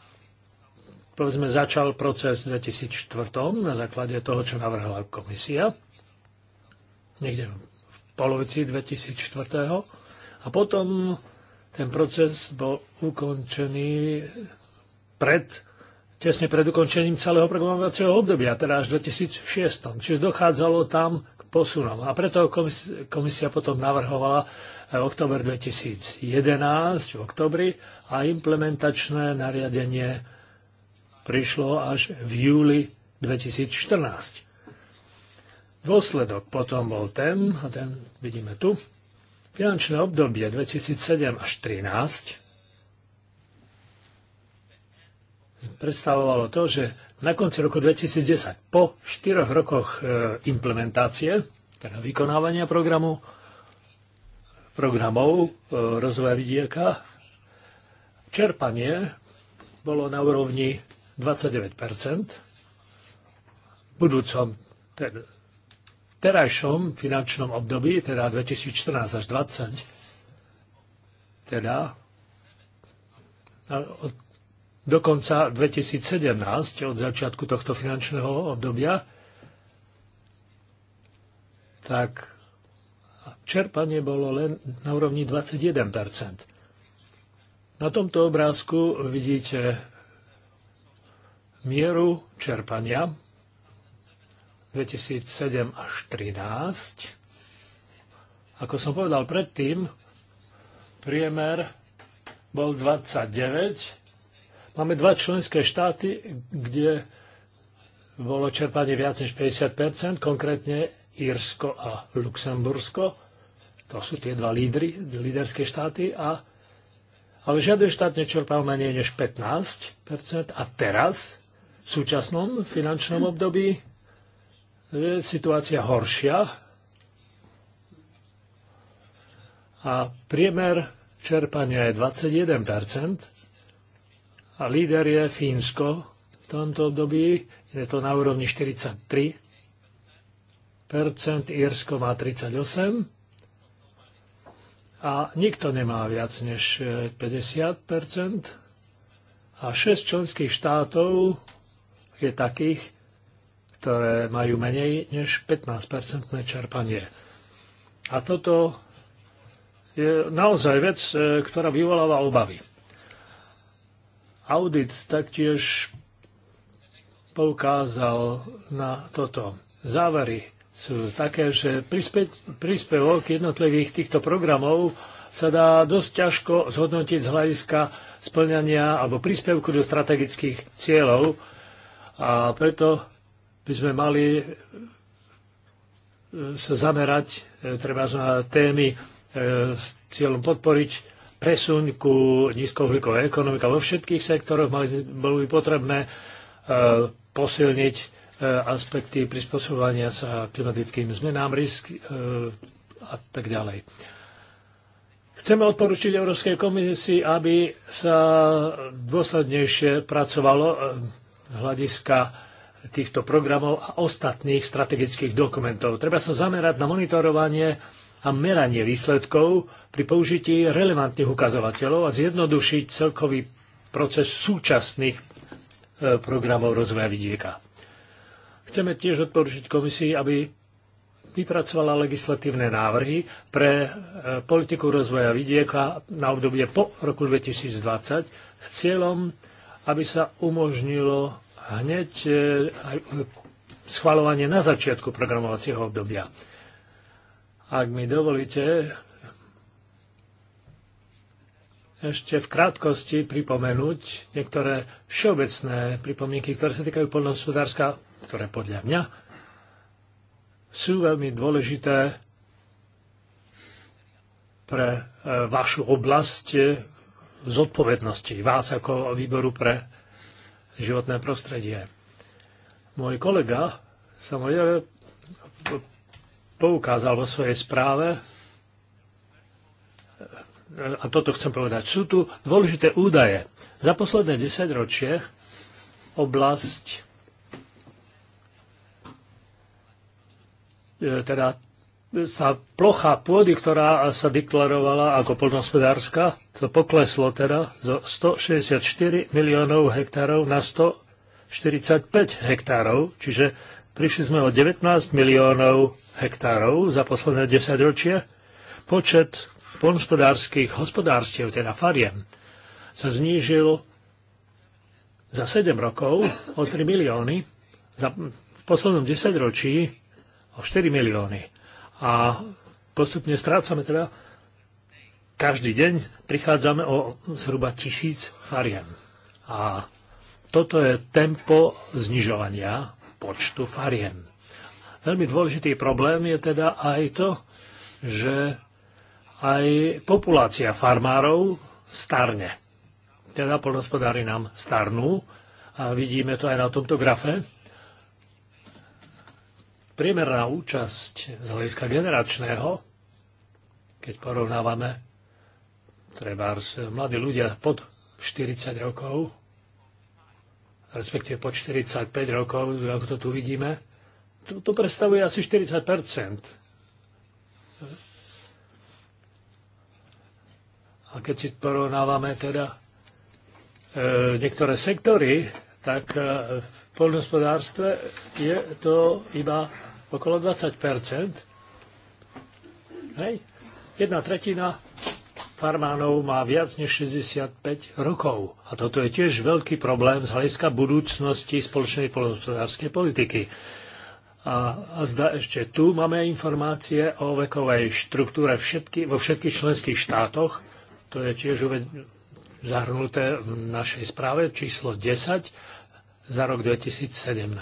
povedzme, začal proces v 2004 na základe toho, čo navrhla komisia, niekde v polovici 2004. A potom ten proces bol ukončený pred, tesne pred ukončením celého programovacieho obdobia, teda až v 2006. Čiže dochádzalo tam posunom. A preto komisia potom navrhovala v oktober 2011 v oktobri a implementačné nariadenie prišlo až v júli 2014. Dôsledok potom bol ten, a ten vidíme tu, finančné obdobie 2007 až 2013 predstavovalo to, že na konci roku 2010, po štyroch rokoch e, implementácie, teda vykonávania programu, programov e, rozvoja vidieka, čerpanie bolo na úrovni 29 v budúcom, teda, terajšom finančnom období, teda 2014 až 2020, teda od do konca 2017, od začiatku tohto finančného obdobia, tak čerpanie bolo len na úrovni 21 Na tomto obrázku vidíte mieru čerpania 2007 až 2013. Ako som povedal predtým, priemer bol 29 Máme dva členské štáty, kde bolo čerpanie viac než 50 konkrétne Írsko a Luxembursko. To sú tie dva lídry, líderské štáty. A, ale žiaden štát nečerpal menej než 15 A teraz, v súčasnom finančnom období, je situácia horšia. A priemer čerpania je 21 a líder je Fínsko v tomto období, je to na úrovni 43 Írsko má 38 a nikto nemá viac než 50 e, a 6 členských štátov je takých, ktoré majú menej než 15-percentné čerpanie. A toto je naozaj vec, e, ktorá vyvoláva obavy. Audit taktiež poukázal na toto. Závery sú také, že príspevok jednotlivých týchto programov sa dá dosť ťažko zhodnotiť z hľadiska splňania alebo príspevku do strategických cieľov a preto by sme mali e, sa zamerať e, treba na témy e, s cieľom podporiť presun ku nízkouhlíkovej ekonomike vo všetkých sektoroch bolo by potrebné e, posilniť e, aspekty prispôsobovania sa klimatickým zmenám, risk e, a tak ďalej. Chceme odporučiť Európskej komisii, aby sa dôslednejšie pracovalo z hľadiska týchto programov a ostatných strategických dokumentov. Treba sa zamerať na monitorovanie a meranie výsledkov pri použití relevantných ukazovateľov a zjednodušiť celkový proces súčasných e, programov rozvoja vidieka. Chceme tiež odporučiť komisii, aby vypracovala legislatívne návrhy pre e, politiku rozvoja vidieka na obdobie po roku 2020 s cieľom, aby sa umožnilo hneď e, schvalovanie na začiatku programovacieho obdobia. Ak mi dovolíte, ešte v krátkosti pripomenúť niektoré všeobecné pripomienky, ktoré sa týkajú poľnohospodárska, ktoré podľa mňa sú veľmi dôležité pre e, vašu oblasť zodpovednosti, vás ako výboru pre životné prostredie. Môj kolega sa moje poukázal vo svojej správe a toto chcem povedať, sú tu dôležité údaje. Za posledné 10 ročie oblasť e, teda sa plocha pôdy, ktorá sa deklarovala ako poľnohospodárska, to pokleslo teda zo 164 miliónov hektárov na 145 hektárov, čiže prišli sme o 19 miliónov hektárov za posledné 10 ročie. Počet polnospodárských hospodárstiev, teda fariem, sa znížil za 7 rokov o 3 milióny, za, v poslednom 10 ročí o 4 milióny. A postupne strácame teda každý deň prichádzame o zhruba tisíc fariem. A toto je tempo znižovania počtu fariem. Veľmi dôležitý problém je teda aj to, že aj populácia farmárov starne. Teda polnospodári nám starnú a vidíme to aj na tomto grafe. Priemerná účasť z hľadiska generačného, keď porovnávame treba mladí ľudia pod 40 rokov, respektíve pod 45 rokov, ako to tu vidíme, to, to predstavuje asi 40 A keď si porovnávame teda e, niektoré sektory, tak e, v poľnohospodárstve je to iba okolo 20 Hej. Jedna tretina farmánov má viac než 65 rokov. A toto je tiež veľký problém z hľadiska budúcnosti spoločnej poľnohospodárskej politiky. A, a zda ešte tu máme informácie o vekovej štruktúre všetky, vo všetkých členských štátoch to je tiež zahrnuté v našej správe číslo 10 za rok 2017.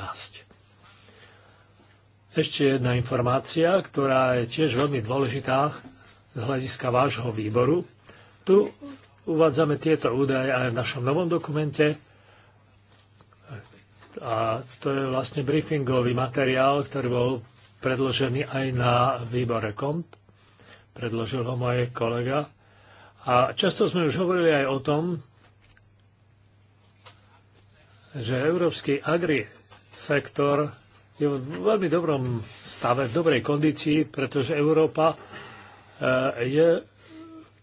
Ešte jedna informácia, ktorá je tiež veľmi dôležitá z hľadiska vášho výboru. Tu uvádzame tieto údaje aj v našom novom dokumente. A to je vlastne briefingový materiál, ktorý bol predložený aj na výbore KOMP. Predložil ho môj kolega a často sme už hovorili aj o tom, že európsky agri sektor je v veľmi dobrom stave, v dobrej kondícii, pretože Európa e, je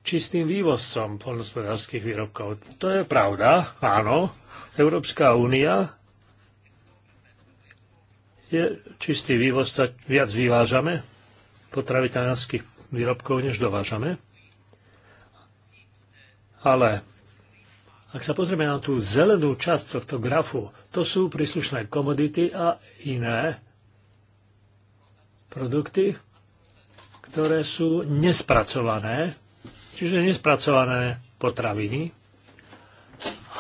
čistým vývozcom poľnospodárských výrobkov. To je pravda, áno. Európska únia je čistý vývozca, viac vyvážame potravinárskych výrobkov, než dovážame. Ale ak sa pozrieme na tú zelenú časť tohto grafu, to sú príslušné komodity a iné produkty, ktoré sú nespracované, čiže nespracované potraviny.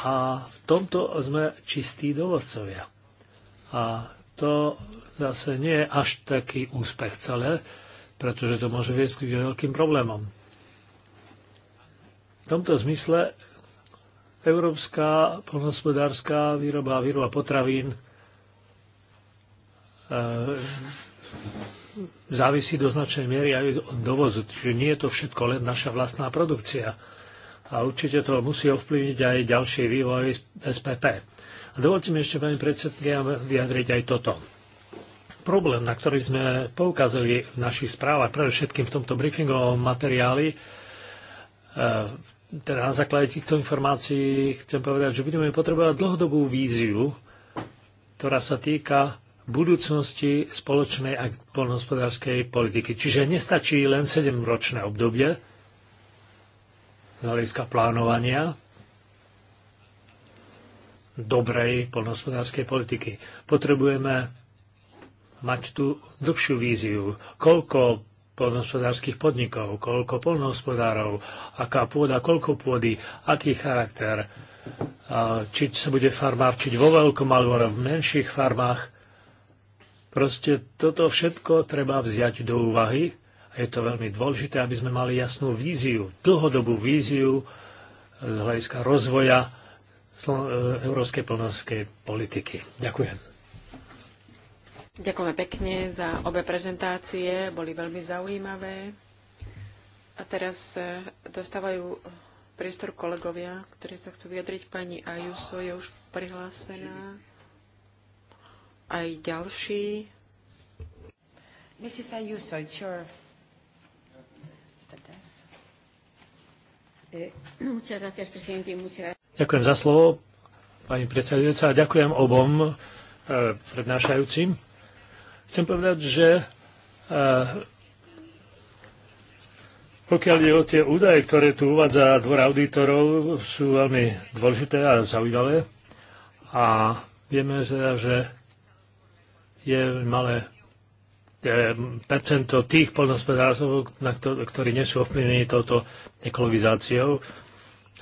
A v tomto sme čistí dovozcovia. A to zase nie je až taký úspech celé, pretože to môže viesť k veľkým problémom tomto zmysle európska polnohospodárska výroba a výroba potravín e, závisí do značnej miery aj od dovozu. Čiže nie je to všetko len naša vlastná produkcia. A určite to musí ovplyvniť aj ďalší vývoj SPP. A dovolte mi ešte, pani predsedkynia, vyjadriť aj toto. Problém, na ktorý sme poukázali v našich správach, predovšetkým v tomto briefingovom materiáli, e, teda na základe týchto informácií chcem povedať, že budeme potrebovať dlhodobú víziu, ktorá sa týka budúcnosti spoločnej a poľnohospodárskej politiky. Čiže nestačí len 7-ročné obdobie z hľadiska plánovania dobrej poľnohospodárskej politiky. Potrebujeme mať tú dlhšiu víziu, koľko polnohospodárských podnikov, koľko polnohospodárov, aká pôda, koľko pôdy, aký charakter, či sa bude farmárčiť vo veľkom alebo v menších farmách. Proste toto všetko treba vziať do úvahy a je to veľmi dôležité, aby sme mali jasnú víziu, dlhodobú víziu z hľadiska rozvoja e, európskej plnohospodárskej politiky. Ďakujem. Ďakujeme pekne za obe prezentácie, boli veľmi zaujímavé. A teraz e, dostávajú priestor kolegovia, ktorí sa chcú vyjadriť. Pani Ajuso je už prihlásená. Aj ďalší. Mrs. Ayuso, it's your... E, ďakujem za slovo, pani predsedajúca, a ďakujem obom e, prednášajúcim. Chcem povedať, že pokiaľ je o tie údaje, ktoré tu uvádza dvor auditorov, sú veľmi dôležité a zaujímavé. A vieme, teda, že je malé e, percento tých poľnohospodárov, ktorí nie sú ovplyvnení touto ekologizáciou,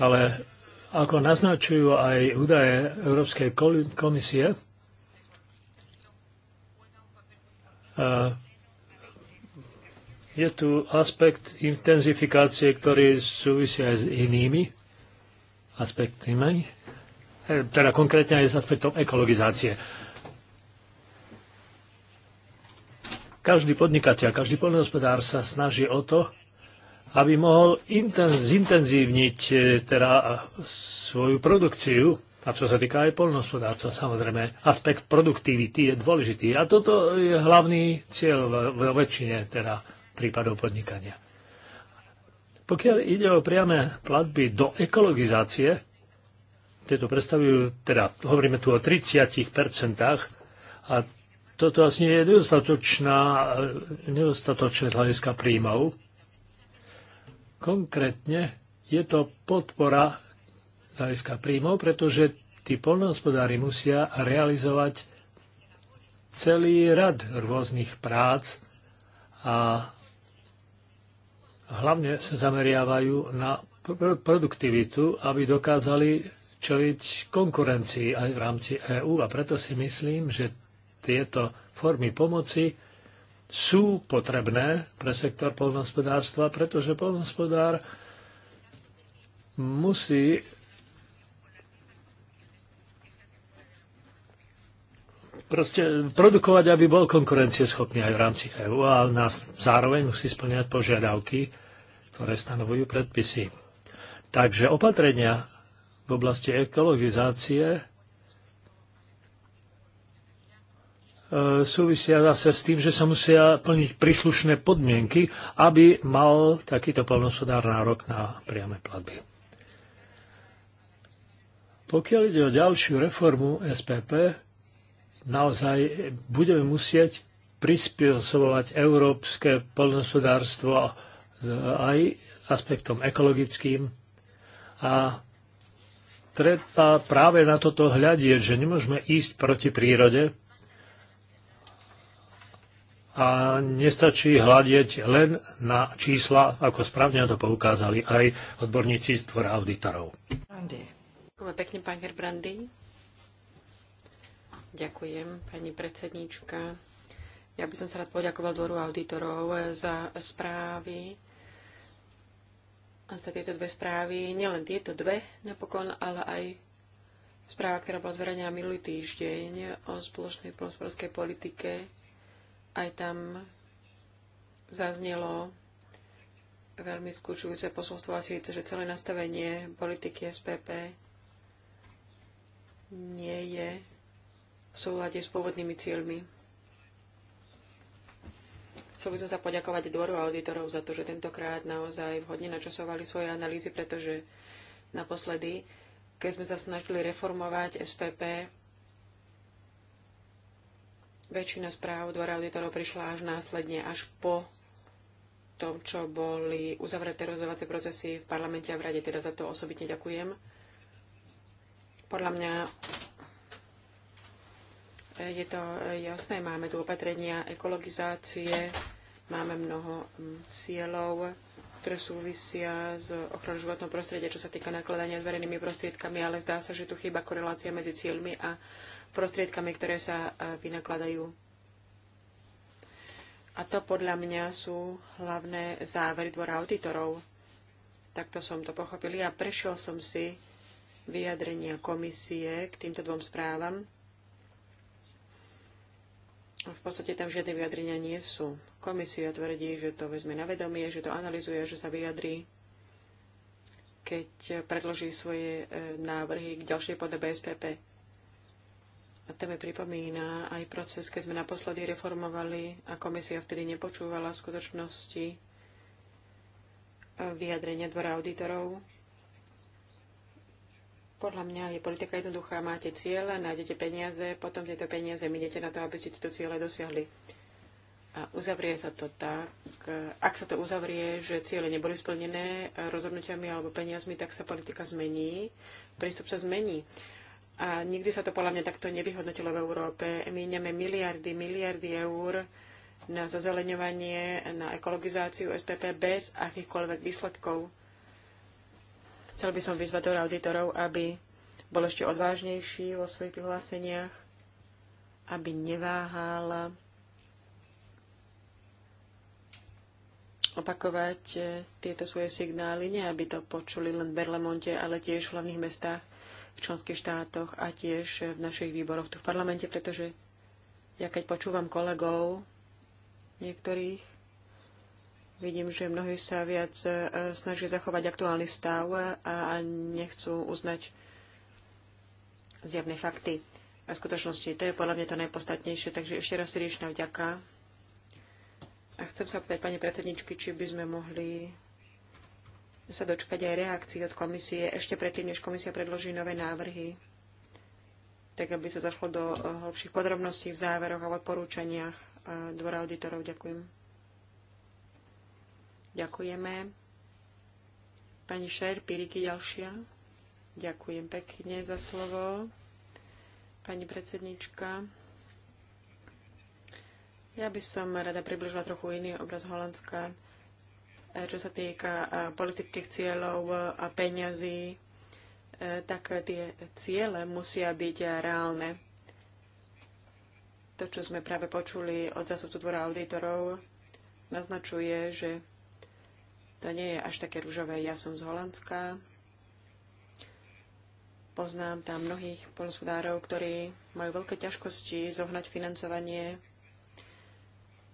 ale ako naznačujú aj údaje Európskej komisie, Je tu aspekt intenzifikácie, ktorý súvisia aj s inými aspektmi, e, teda konkrétne aj s aspektom ekologizácie. Každý podnikateľ, každý poľnohospodár sa snaží o to, aby mohol zintenzívniť e, teda svoju produkciu a čo sa týka aj polnospodárca, samozrejme, aspekt produktivity je dôležitý. A toto je hlavný cieľ vo väčšine teda prípadov podnikania. Pokiaľ ide o priame platby do ekologizácie, tieto predstavujú, teda hovoríme tu o 30% a toto asi je nedostatočná, nedostatočné z hľadiska príjmov. Konkrétne je to podpora hľadiska príjmov, pretože tí polnohospodári musia realizovať celý rad rôznych prác a hlavne sa zameriavajú na produktivitu, aby dokázali čeliť konkurencii aj v rámci EÚ a preto si myslím, že tieto formy pomoci sú potrebné pre sektor polnohospodárstva, pretože polnohospodár musí proste produkovať, aby bol konkurencieschopný aj v rámci EÚ a nás zároveň musí splňať požiadavky, ktoré stanovujú predpisy. Takže opatrenia v oblasti ekologizácie e, súvisia zase s tým, že sa musia plniť príslušné podmienky, aby mal takýto plnospodár nárok na priame platby. Pokiaľ ide o ďalšiu reformu SPP, naozaj budeme musieť prispôsobovať európske poľnohospodárstvo aj aspektom ekologickým a treba práve na toto hľadieť, že nemôžeme ísť proti prírode a nestačí hľadieť len na čísla, ako správne to poukázali aj odborníci z dvora auditorov. Ďakujem pekne, pán Gerbrandy. Ďakujem, pani predsedníčka. Ja by som sa rád poďakoval dvoru auditorov za správy a za tieto dve správy, nielen tieto dve napokon, ale aj správa, ktorá bola zverejnená minulý týždeň o spoločnej prosperskej politike. Aj tam zaznelo veľmi skúčujúce posolstvo a síce, že celé nastavenie politiky SPP nie je v s pôvodnými cieľmi. Chcel by som sa poďakovať dvoru auditorov za to, že tentokrát naozaj vhodne načasovali svoje analýzy, pretože naposledy, keď sme sa snažili reformovať SPP, väčšina správ dvora auditorov prišla až následne, až po tom, čo boli uzavreté rozhodovacie procesy v parlamente a v rade. Teda za to osobitne ďakujem. Podľa mňa je to jasné, máme tu opatrenia ekologizácie, máme mnoho mm, cieľov, ktoré súvisia s ochranou životného prostredia, čo sa týka nakladania s verejnými prostriedkami, ale zdá sa, že tu chýba korelácia medzi cieľmi a prostriedkami, ktoré sa e, vynakladajú. A to podľa mňa sú hlavné závery dvora auditorov. Takto som to pochopil. Ja prešiel som si vyjadrenia komisie k týmto dvom správam v podstate tam žiadne vyjadrenia nie sú. Komisia tvrdí, že to vezme na vedomie, že to analizuje, že sa vyjadrí, keď predloží svoje e, návrhy k ďalšej podobe SPP. A to mi pripomína aj proces, keď sme naposledy reformovali a komisia vtedy nepočúvala v skutočnosti e, vyjadrenia dvora auditorov podľa mňa je politika jednoduchá. Máte cieľ, nájdete peniaze, potom tieto peniaze minete na to, aby ste tieto ciele dosiahli. A uzavrie sa to tak, ak sa to uzavrie, že ciele neboli splnené rozhodnutiami alebo peniazmi, tak sa politika zmení, prístup sa zmení. A nikdy sa to podľa mňa takto nevyhodnotilo v Európe. Míňame miliardy, miliardy eur na zazeleňovanie, na ekologizáciu SPP bez akýchkoľvek výsledkov. Chcel by som vyzvať do auditorov, aby bol ešte odvážnejší vo svojich vyhláseniach, aby neváhal opakovať eh, tieto svoje signály, nie aby to počuli len v Berlemonte, ale tiež v hlavných mestách, v členských štátoch a tiež v našich výboroch tu v parlamente, pretože ja keď počúvam kolegov niektorých, Vidím, že mnohí sa viac e, snažia zachovať aktuálny stav a nechcú uznať zjavné fakty a skutočnosti. To je podľa mňa to najpodstatnejšie, takže ešte raz srdečná vďaka. A chcem sa opýtať pani predsedničky, či by sme mohli sa dočkať aj reakcií od komisie ešte predtým, než komisia predloží nové návrhy, tak aby sa zašlo do e, hĺbších podrobností v záveroch a odporúčaniach e, dvora auditorov. Ďakujem. Ďakujeme. Pani Šer, Piriky ďalšia. Ďakujem pekne za slovo. Pani predsednička, ja by som rada približila trochu iný obraz Holandska, eh, čo sa týka eh, politických cieľov eh, a peňazí, tak tie ciele musia byť reálne. To, čo sme práve počuli od zásobtu dvora auditorov, naznačuje, že to nie je až také rúžové. Ja som z Holandska. Poznám tam mnohých polnospodárov, ktorí majú veľké ťažkosti zohnať financovanie,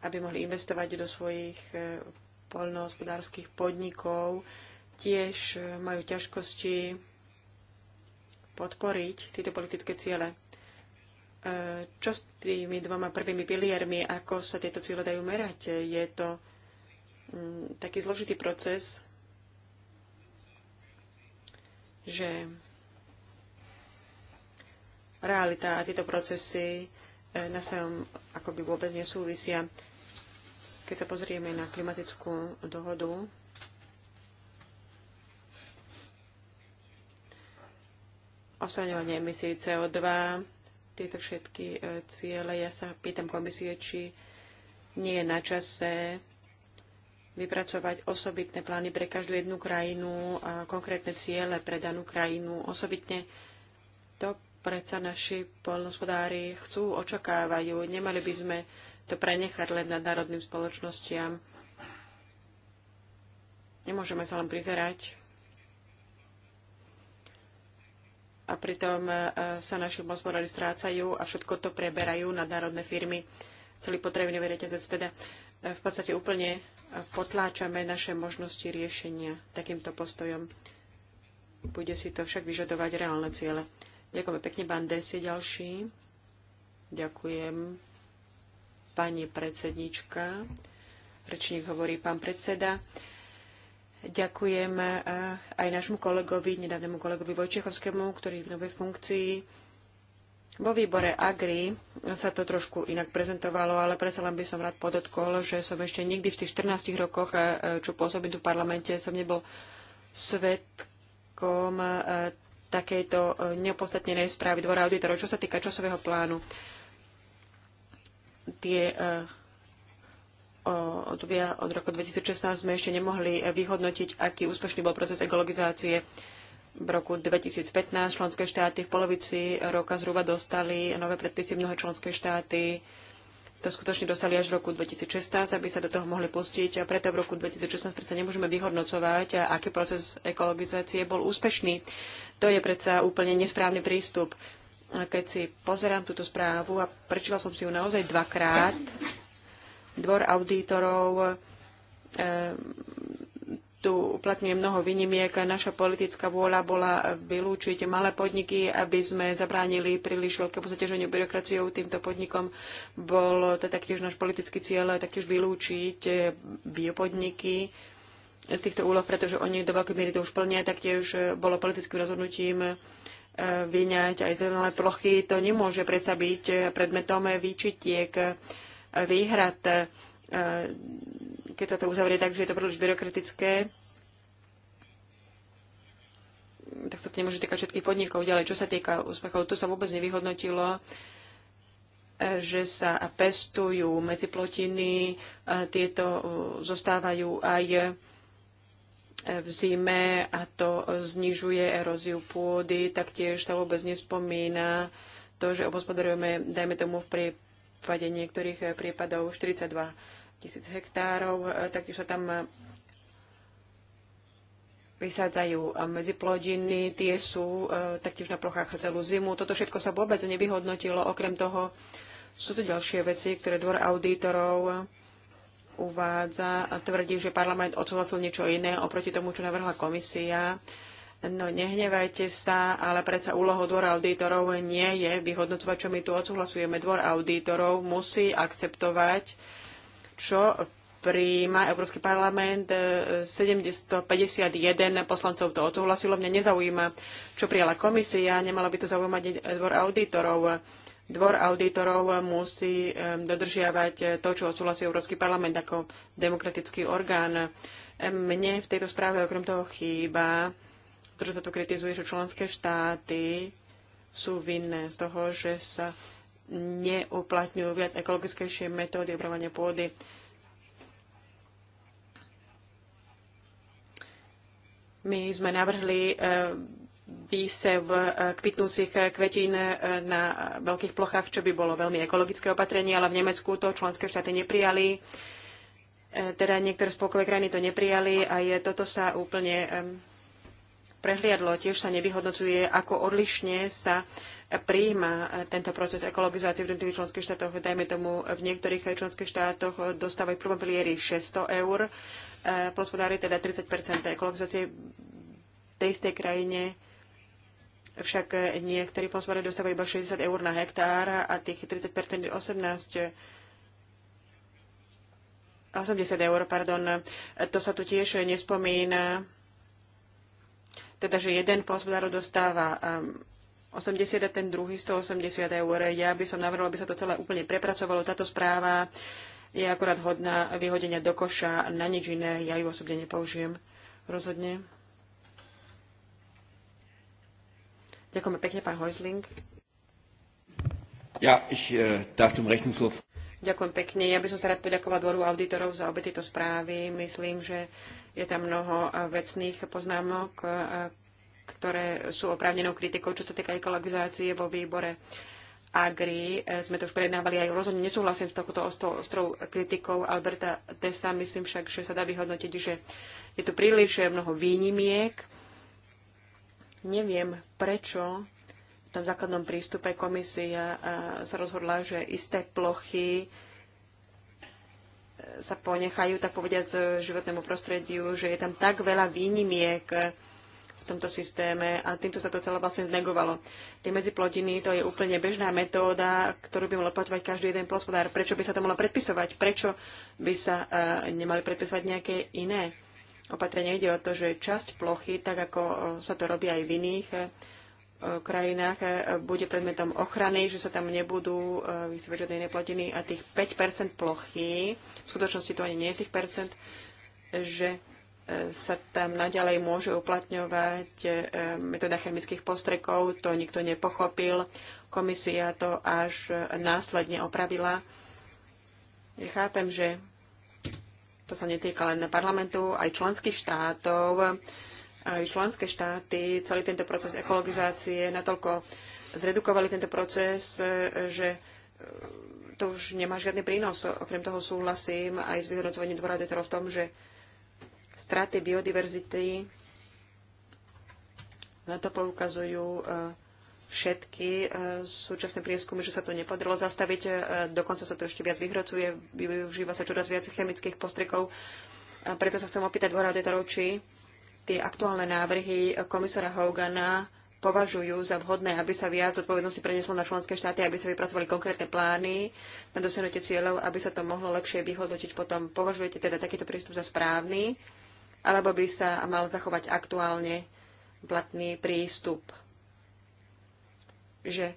aby mohli investovať do svojich e, poľnohospodárskych podnikov. Tiež e, majú ťažkosti podporiť tieto politické ciele. E, čo s tými dvoma prvými piliermi, ako sa tieto ciele dajú merať? Je to Mm, taký zložitý proces, že realita a tieto procesy e, na svojom akoby vôbec nesúvisia. Keď sa pozrieme na klimatickú dohodu, osaňovanie emisí CO2, tieto všetky e, ciele. Ja sa pýtam komisie, či nie je na čase vypracovať osobitné plány pre každú jednu krajinu a konkrétne ciele pre danú krajinu osobitne. To predsa naši poľnospodári chcú, očakávajú. Nemali by sme to prenechať len nad národným spoločnostiam. Nemôžeme sa len prizerať. A pritom e, sa naši poľnospodári strácajú a všetko to preberajú nad národné firmy. Celý potrebný reťazec teda e, v podstate úplne potláčame naše možnosti riešenia takýmto postojom. Bude si to však vyžadovať reálne ciele. Ďakujem pekne, pán Desi, ďalší. Ďakujem, pani predsednička. Rečník hovorí pán predseda. Ďakujem eh, aj nášmu kolegovi, nedávnemu kolegovi Vojčechovskému, ktorý je v novej funkcii vo výbore Agri sa to trošku inak prezentovalo, ale predsa len by som rád podotkol, že som ešte nikdy v tých 14 rokoch, e, čo pôsobím tu v parlamente, som nebol svetkom e, takejto e, neopostatnenej správy dvora auditorov, čo sa týka časového plánu. Tie odvia od roku 2016 sme ešte nemohli vyhodnotiť, aký úspešný bol proces ekologizácie v roku 2015 členské štáty v polovici roka zhruba dostali nové predpisy, mnohé členské štáty to skutočne dostali až v roku 2016, aby sa do toho mohli pustiť. A preto v roku 2016 predsa nemôžeme vyhodnocovať, aký proces ekologizácie bol úspešný. To je predsa úplne nesprávny prístup. A keď si pozerám túto správu a prečítal som si ju naozaj dvakrát, dvor auditorov tu uplatňuje mnoho výnimiek. Naša politická vôľa bola vylúčiť malé podniky, aby sme zabránili príliš veľkému zaťaženiu byrokraciou týmto podnikom. Bol to taktiež náš politický cieľ taktiež vylúčiť biopodniky z týchto úloh, pretože oni do veľkej miery to už plnia. Taktiež bolo politickým rozhodnutím eh, vyňať aj zelené plochy. To nemôže predsa byť predmetom výčitiek, eh, výhrad eh, keď sa to uzavrie tak, že je to príliš byrokratické, tak sa to nemôže týkať všetkých podnikov. Ďalej, čo sa týka úspechov, tu sa vôbec nevyhodnotilo, že sa pestujú medziplotiny, tieto uh, zostávajú aj uh, v zime a to znižuje eróziu pôdy, taktiež sa vôbec nespomína to, že obospodarujeme, dajme tomu v prípade niektorých eh, prípadov 42 tisíc hektárov, e, takže sa tam e, vysádzajú e, medziplodiny, tie sú taktiež na plochách celú zimu. Toto všetko sa vôbec nevyhodnotilo. Okrem toho sú tu ďalšie veci, ktoré dvor auditorov uvádza a tvrdí, že parlament odsúhlasil niečo iné oproti tomu, čo navrhla komisia. No nehnevajte sa, ale predsa úlohou dvora auditorov nie je vyhodnocovať, čo my tu odsúhlasujeme. Dvor auditorov musí akceptovať čo príjma Európsky parlament. 751 e, poslancov to odsúhlasilo. Mňa nezaujíma, čo prijala komisia. Nemalo by to zaujímať dvor auditorov. Dvor auditorov musí dodržiavať to, čo odsúhlasí Európsky parlament ako demokratický orgán. Mne v tejto správe okrem toho chýba, ktoré sa tu kritizuje, že členské štáty sú vinné z toho, že sa neuplatňujú viac ekologickejšie metódy obrovania pôdy. My sme navrhli e, výsev e, kvitnúcich e, kvetín na veľkých plochách, čo by bolo veľmi ekologické opatrenie, ale v Nemecku to členské štáty neprijali. Teda niektoré spolkové krajiny to neprijali a je, toto sa úplne prehliadlo. Tiež sa nevyhodnocuje, ako odlišne sa príjma tento proces ekologizácie v jednotlivých členských štátoch. Dajme tomu, v niektorých členských štátoch dostávajú v prvom pilieri 600 eur, plospodári teda 30 ekologizácie v tej istej krajine však niektorí plospodári dostávajú iba 60 eur na hektár a tých 30 je 18 80 eur, pardon, to sa tu tiež nespomína, teda, že jeden polospodárov dostáva 80 a ten druhý 180 eur. Ja by som navrhol, aby sa to celé úplne prepracovalo. Táto správa je akorát hodná vyhodenia do koša na nič iné. Ja ju osobne nepoužijem. Rozhodne. Ďakujem pekne, pán Hojsling. Ja, ich äh, Ďakujem pekne. Ja by som sa rád poďakoval dvoru auditorov za obe tieto správy. Myslím, že je tam mnoho eh, vecných poznámok, eh, ktoré sú oprávnenou kritikou, čo sa týka ekologizácie vo výbore Agri. E, sme to už prejednávali aj rozhodne nesúhlasím s takouto ostrou kritikou Alberta Tessa. Myslím však, že sa dá vyhodnotiť, že je tu príliš mnoho výnimiek. Neviem, prečo v tom základnom prístupe komisia e, sa rozhodla, že isté plochy e, sa ponechajú, tak povediať, životnému prostrediu, že je tam tak veľa výnimiek, v tomto systéme a týmto sa to celé vlastne znegovalo. Tie medziplodiny, to je úplne bežná metóda, ktorú by mal uplatňovať každý jeden plospodár. Prečo by sa to malo predpisovať? Prečo by sa e, nemali predpisovať nejaké iné opatrenia? Ide o to, že časť plochy, tak ako e, sa to robí aj v iných e, krajinách, bude predmetom ochrany, že sa tam nebudú vysievať žiadne iné plodiny a tých 5 plochy, v skutočnosti to ani nie je tých percent, že sa tam naďalej môže uplatňovať e, metóda chemických postrekov. To nikto nepochopil. Komisia to až následne opravila. Ja chápem, že to sa netýka len parlamentu, aj členských štátov. Aj členské štáty celý tento proces ekologizácie natoľko zredukovali tento proces, e, že e, to už nemá žiadny prínos. Okrem toho súhlasím aj s vyhodnocovaním dvora v tom, že straty biodiverzity. Na to poukazujú e, všetky e, súčasné prieskumy, že sa to nepodarilo zastaviť. E, dokonca sa to ešte viac vyhrocuje, využíva sa čoraz viac chemických postrekov. Preto sa chcem opýtať dvora auditorov, či tie aktuálne návrhy komisára Hogana považujú za vhodné, aby sa viac odpovednosti preneslo na členské štáty, aby sa vypracovali konkrétne plány na dosiahnutie cieľov, aby sa to mohlo lepšie vyhodnotiť potom. Považujete teda takýto prístup za správny? alebo by sa mal zachovať aktuálne platný prístup, že e,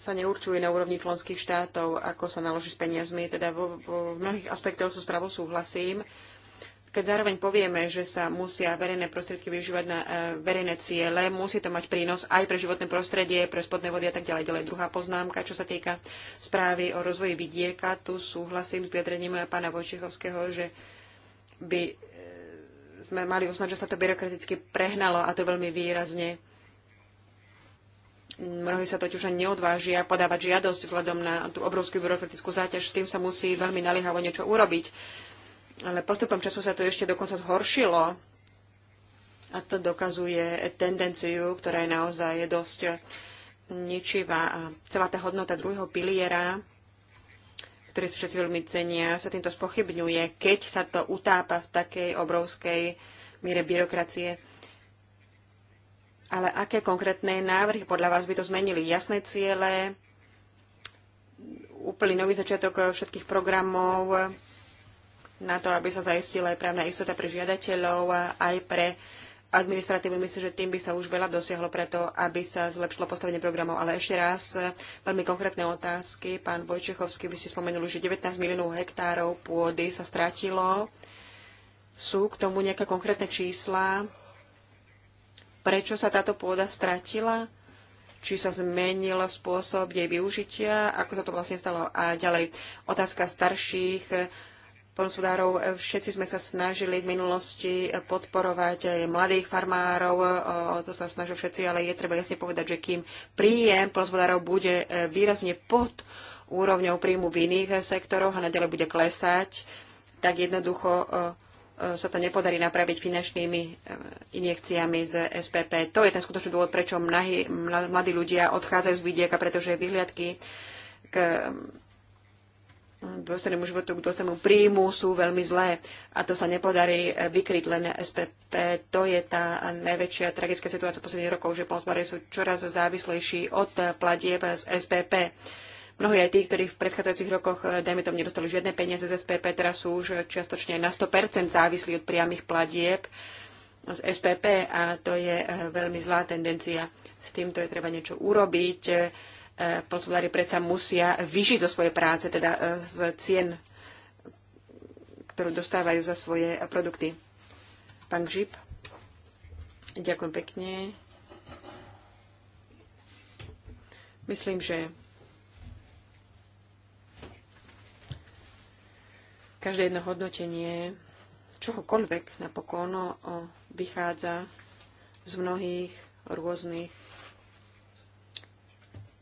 sa neurčuje na úrovni členských štátov, ako sa naloží s peniazmi. Teda vo, vo mnohých aspektoch sú spravo súhlasím. Keď zároveň povieme, že sa musia verejné prostriedky využívať na e, verejné ciele, musí to mať prínos aj pre životné prostredie, pre spodné vody a tak ďalej. ďalej. Druhá poznámka, čo sa týka správy o rozvoji vidieka, tu súhlasím s vyjadrením pána Vojčichovského, že by e, sme mali uznať, že sa to byrokraticky prehnalo a to veľmi výrazne. Mnohí sa totiž ani neodvážia podávať žiadosť vzhľadom na tú obrovskú byrokratickú záťaž. S tým sa musí veľmi naliehavo niečo urobiť. Ale postupom času sa to ešte dokonca zhoršilo a to dokazuje tendenciu, ktorá je naozaj dosť ničivá. A celá tá hodnota druhého piliera ktorý si všetci veľmi cenia, sa týmto spochybňuje, keď sa to utápa v takej obrovskej míre byrokracie. Ale aké konkrétne návrhy podľa vás by to zmenili? Jasné ciele, úplný nový začiatok všetkých programov na to, aby sa zaistila aj právna istota pre žiadateľov, aj pre administratívy. Myslím, že tým by sa už veľa dosiahlo preto, aby sa zlepšilo postavenie programov. Ale ešte raz e, veľmi konkrétne otázky. Pán Vojčechovský, vy ste spomenuli, že 19 miliónov hektárov pôdy sa stratilo. Sú k tomu nejaké konkrétne čísla? Prečo sa táto pôda stratila? Či sa zmenil spôsob jej využitia? Ako sa to vlastne stalo? A ďalej, otázka starších polnospodárov. Všetci sme sa snažili v minulosti podporovať aj mladých farmárov, o to sa snažia všetci, ale je treba jasne povedať, že kým príjem polnospodárov bude výrazne pod úrovňou príjmu v iných sektoroch a nadalej bude klesať, tak jednoducho e, e, sa to nepodarí napraviť finančnými e, injekciami z SPP. To je ten skutočný dôvod, prečo mnohí, mladí ľudia odchádzajú z vidieka, pretože vyhliadky k dôstojnému životu, k dôstojnému príjmu sú veľmi zlé a to sa nepodarí eh, vykryť len SPP. To je tá najväčšia tragická situácia posledných rokov, že potvory sú čoraz závislejší od platieb z SPP. Mnohí aj tí, ktorí v predchádzajúcich rokoch, eh, dajme tomu, nedostali žiadne peniaze z SPP, teraz sú už čiastočne na 100% závislí od priamých platieb z SPP a to je eh, veľmi zlá tendencia. S týmto je treba niečo urobiť poľnohospodári predsa musia vyžiť do svojej práce, teda e, z cien, ktorú dostávajú za svoje produkty. Pán Gžip, ďakujem pekne. Myslím, že každé jedno hodnotenie čohokoľvek napokon no, vychádza z mnohých rôznych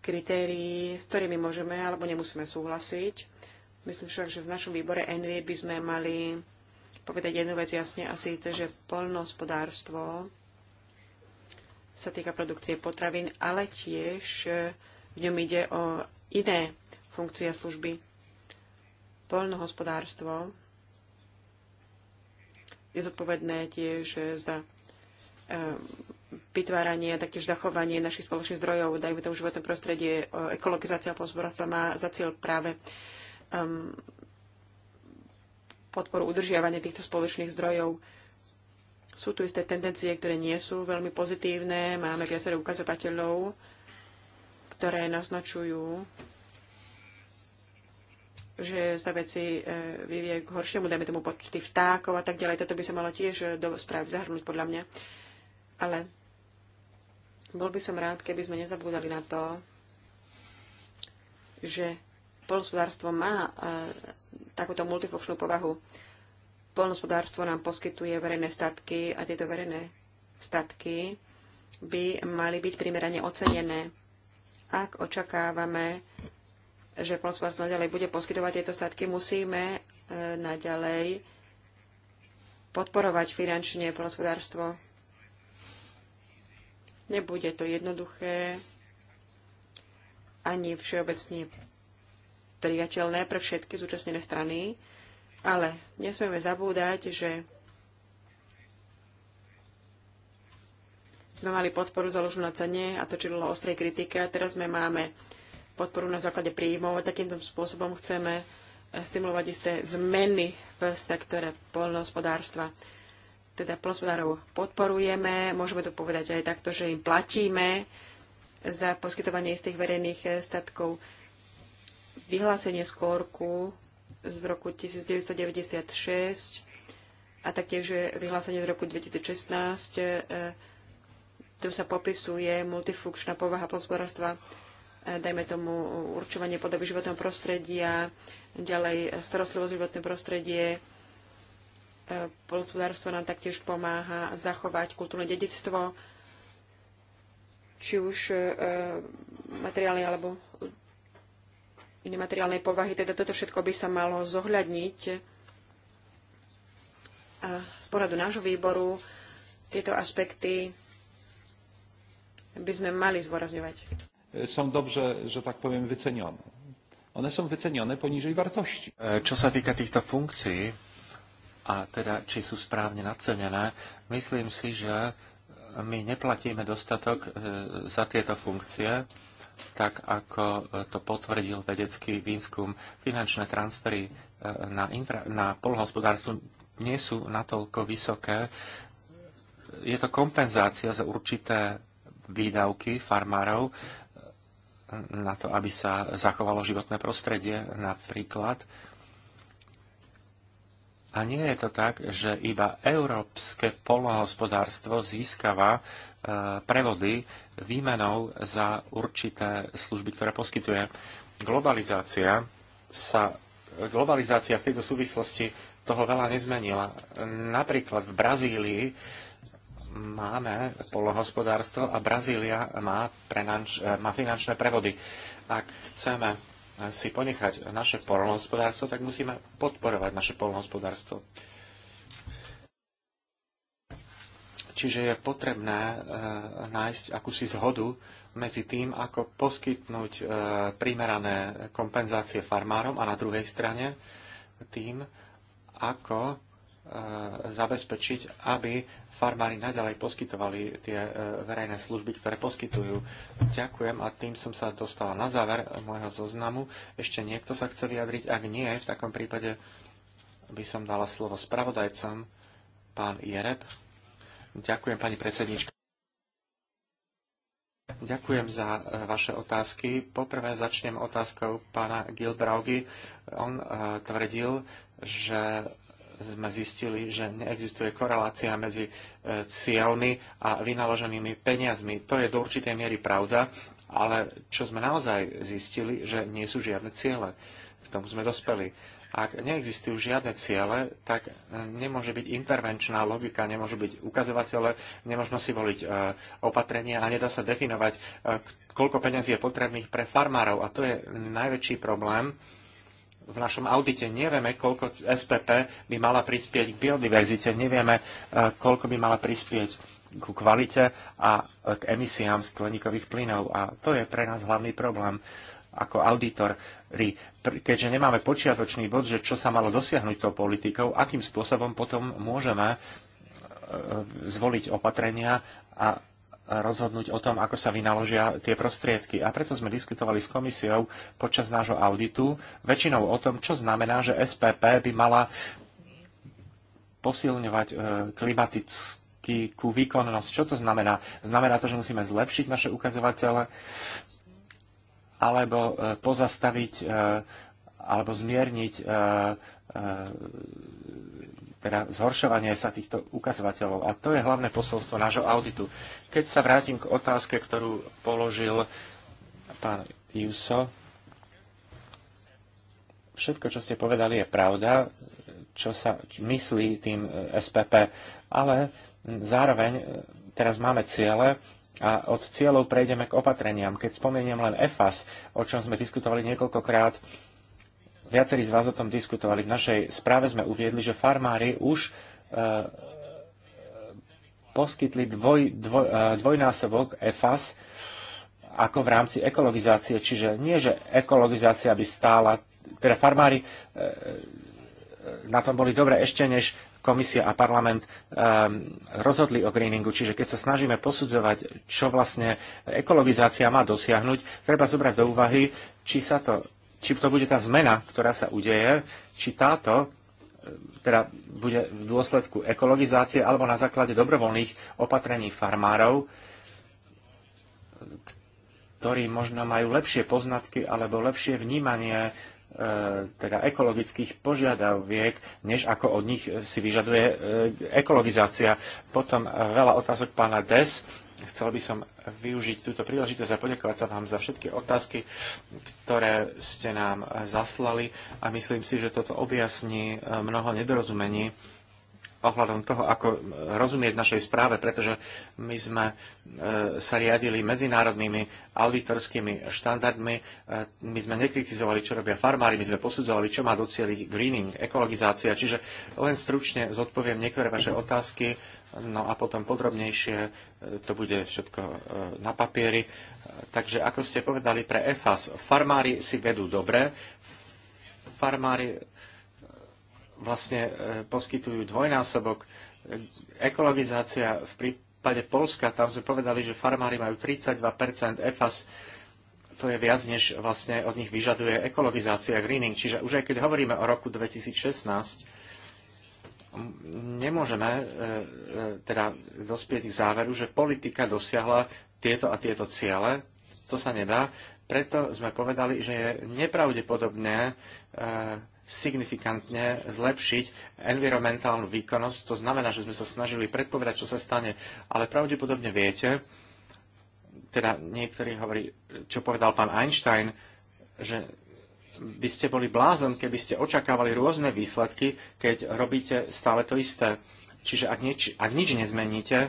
kritérií, s ktorými môžeme alebo nemusíme súhlasiť. Myslím však, že v našom výbore ENVY by sme mali povedať jednu vec jasne a síce, že polnohospodárstvo sa týka produkcie potravín, ale tiež e, v ňom ide o iné funkcie a služby. Polnohospodárstvo je zodpovedné tiež za e, vytváranie a taktiež zachovanie našich spoločných zdrojov, dajme tomu životné prostredie, ekologizácia pozborstva má za cieľ práve um, podporu udržiavania týchto spoločných zdrojov. Sú tu isté tendencie, ktoré nie sú veľmi pozitívne. Máme viacero ukazovateľov, ktoré naznačujú, že sa veci e, vyvie k horšiemu, dajme tomu počty vtákov a tak ďalej. Toto by sa malo tiež do správy zahrnúť podľa mňa. Ale bol by som rád, keby sme nezabúdali na to, že polnospodárstvo má e, takúto multifunkčnú povahu. Polnospodárstvo nám poskytuje verejné statky a tieto verejné statky by mali byť primerane ocenené. Ak očakávame, že polnospodárstvo naďalej bude poskytovať tieto statky, musíme e, naďalej podporovať finančne polnospodárstvo. Nebude to jednoduché ani všeobecne priateľné pre všetky zúčastnené strany, ale nesmieme zabúdať, že sme mali podporu založenú na cene a to bolo ostrej kritike a teraz sme máme podporu na základe príjmov a takýmto spôsobom chceme stimulovať isté zmeny v sektore poľnohospodárstva teda plospodárov podporujeme, môžeme to povedať aj takto, že im platíme za poskytovanie istých verejných eh, statkov. Vyhlásenie skôrku z roku 1996 a taktiež eh, vyhlásenie z roku 2016, eh, tu sa popisuje multifunkčná povaha plospodárstva, dajme tomu určovanie podoby životného prostredia, ďalej starostlivosť životného prostredie, Polospodárstvo nám taktiež pomáha zachovať kultúrne dedictvo, či už e, materiálnej alebo nemateriálnej povahy. Teda toto všetko by sa malo zohľadniť. A z pohľadu nášho výboru tieto aspekty by sme mali zvorazňovať. Sú dobře, že tak poviem, vycenené. One sú vycenené ponižej wartości. Čo e, sa týka týchto funkcií, a teda či sú správne nacenené. Myslím si, že my neplatíme dostatok e, za tieto funkcie, tak ako to potvrdil vedecký výskum. Finančné transfery e, na, infra, na polhospodárstvo nie sú natoľko vysoké. Je to kompenzácia za určité výdavky farmárov e, na to, aby sa zachovalo životné prostredie napríklad a nie je to tak, že iba európske polnohospodárstvo získava e, prevody výmenou za určité služby, ktoré poskytuje. Globalizácia sa globalizácia v tejto súvislosti toho veľa nezmenila. Napríklad v Brazílii máme polnohospodárstvo a Brazília má, prenanč, má finančné prevody. Ak chceme si ponechať naše polnohospodárstvo, tak musíme podporovať naše polnohospodárstvo. Čiže je potrebné e, nájsť akúsi zhodu medzi tým, ako poskytnúť e, primerané kompenzácie farmárom a na druhej strane tým, ako E, zabezpečiť, aby farmári naďalej poskytovali tie e, verejné služby, ktoré poskytujú. Ďakujem a tým som sa dostala na záver môjho zoznamu. Ešte niekto sa chce vyjadriť? Ak nie, v takom prípade by som dala slovo spravodajcom, pán Jereb. Ďakujem, pani predsednička. Ďakujem za e, vaše otázky. Poprvé začnem otázkou pána Gilbraugy. On tvrdil, že sme zistili, že neexistuje korelácia medzi e, cieľmi a vynaloženými peniazmi. To je do určitej miery pravda, ale čo sme naozaj zistili, že nie sú žiadne ciele. K tomu sme dospeli. Ak neexistujú žiadne ciele, tak e, nemôže byť intervenčná logika, nemôžu byť ukazovatele, nemôžno si voliť e, opatrenia a nedá sa definovať, koľko peniazí je potrebných pre farmárov. A to je najväčší problém, v našom audite nevieme, koľko SPP by mala prispieť k biodiverzite, nevieme, e, koľko by mala prispieť ku kvalite a e, k emisiám skleníkových plynov. A to je pre nás hlavný problém ako auditor. keďže nemáme počiatočný bod, že čo sa malo dosiahnuť tou politikou, akým spôsobom potom môžeme e, zvoliť opatrenia a rozhodnúť o tom, ako sa vynaložia tie prostriedky. A preto sme diskutovali s komisiou počas nášho auditu väčšinou o tom, čo znamená, že SPP by mala posilňovať e, klimatickú výkonnosť. Čo to znamená? Znamená to, že musíme zlepšiť naše ukazovatele alebo e, pozastaviť e, alebo zmierniť teda zhoršovanie sa týchto ukazovateľov. A to je hlavné posolstvo nášho auditu. Keď sa vrátim k otázke, ktorú položil pán Juso, všetko, čo ste povedali, je pravda, čo sa myslí tým SPP, ale zároveň e, teraz máme ciele a od cieľov prejdeme k opatreniam. Keď spomeniem len EFAS, o čom sme diskutovali niekoľkokrát, Viacerí z vás o tom diskutovali. V našej správe sme uviedli, že farmári už e, poskytli dvoj, dvoj, e, dvojnásobok EFAS ako v rámci ekologizácie. Čiže nie, že ekologizácia by stála, teda farmári e, na tom boli dobre ešte než komisia a parlament um, rozhodli o greeningu. Čiže keď sa snažíme posudzovať, čo vlastne ekologizácia má dosiahnuť, treba zobrať do úvahy, či sa to či to bude tá zmena, ktorá sa udeje, či táto e, teda bude v dôsledku ekologizácie alebo na základe dobrovoľných opatrení farmárov, ktorí možno majú lepšie poznatky alebo lepšie vnímanie E, teda ekologických požiadaviek, než ako od nich si vyžaduje e, ekologizácia. Potom e, veľa otázok pána Des. Chcel by som využiť túto príležitosť a poďakovať sa vám za všetky otázky, ktoré ste nám zaslali a myslím si, že toto objasní mnoho nedorozumení ohľadom toho, ako rozumieť našej správe, pretože my sme e, sa riadili medzinárodnými auditorskými štandardmi, e, my sme nekritizovali, čo robia farmári, my sme posudzovali, čo má docieliť greening, ekologizácia. Čiže len stručne zodpoviem niektoré vaše otázky, no a potom podrobnejšie e, to bude všetko na papieri. Takže ako ste povedali pre EFAS, farmári si vedú dobre, farmári vlastne e, poskytujú dvojnásobok. Ekologizácia v prípade Polska, tam sme povedali, že farmári majú 32% EFAS, to je viac, než vlastne od nich vyžaduje ekologizácia, greening. Čiže už aj keď hovoríme o roku 2016, nemôžeme e, e, teda dospieť k záveru, že politika dosiahla tieto a tieto ciele. To sa nedá. Preto sme povedali, že je nepravdepodobné signifikantne zlepšiť environmentálnu výkonnosť. To znamená, že sme sa snažili predpovedať, čo sa stane, ale pravdepodobne viete, teda niektorí hovorí, čo povedal pán Einstein, že by ste boli blázon, keby ste očakávali rôzne výsledky, keď robíte stále to isté. Čiže ak, nič, ak nič nezmeníte,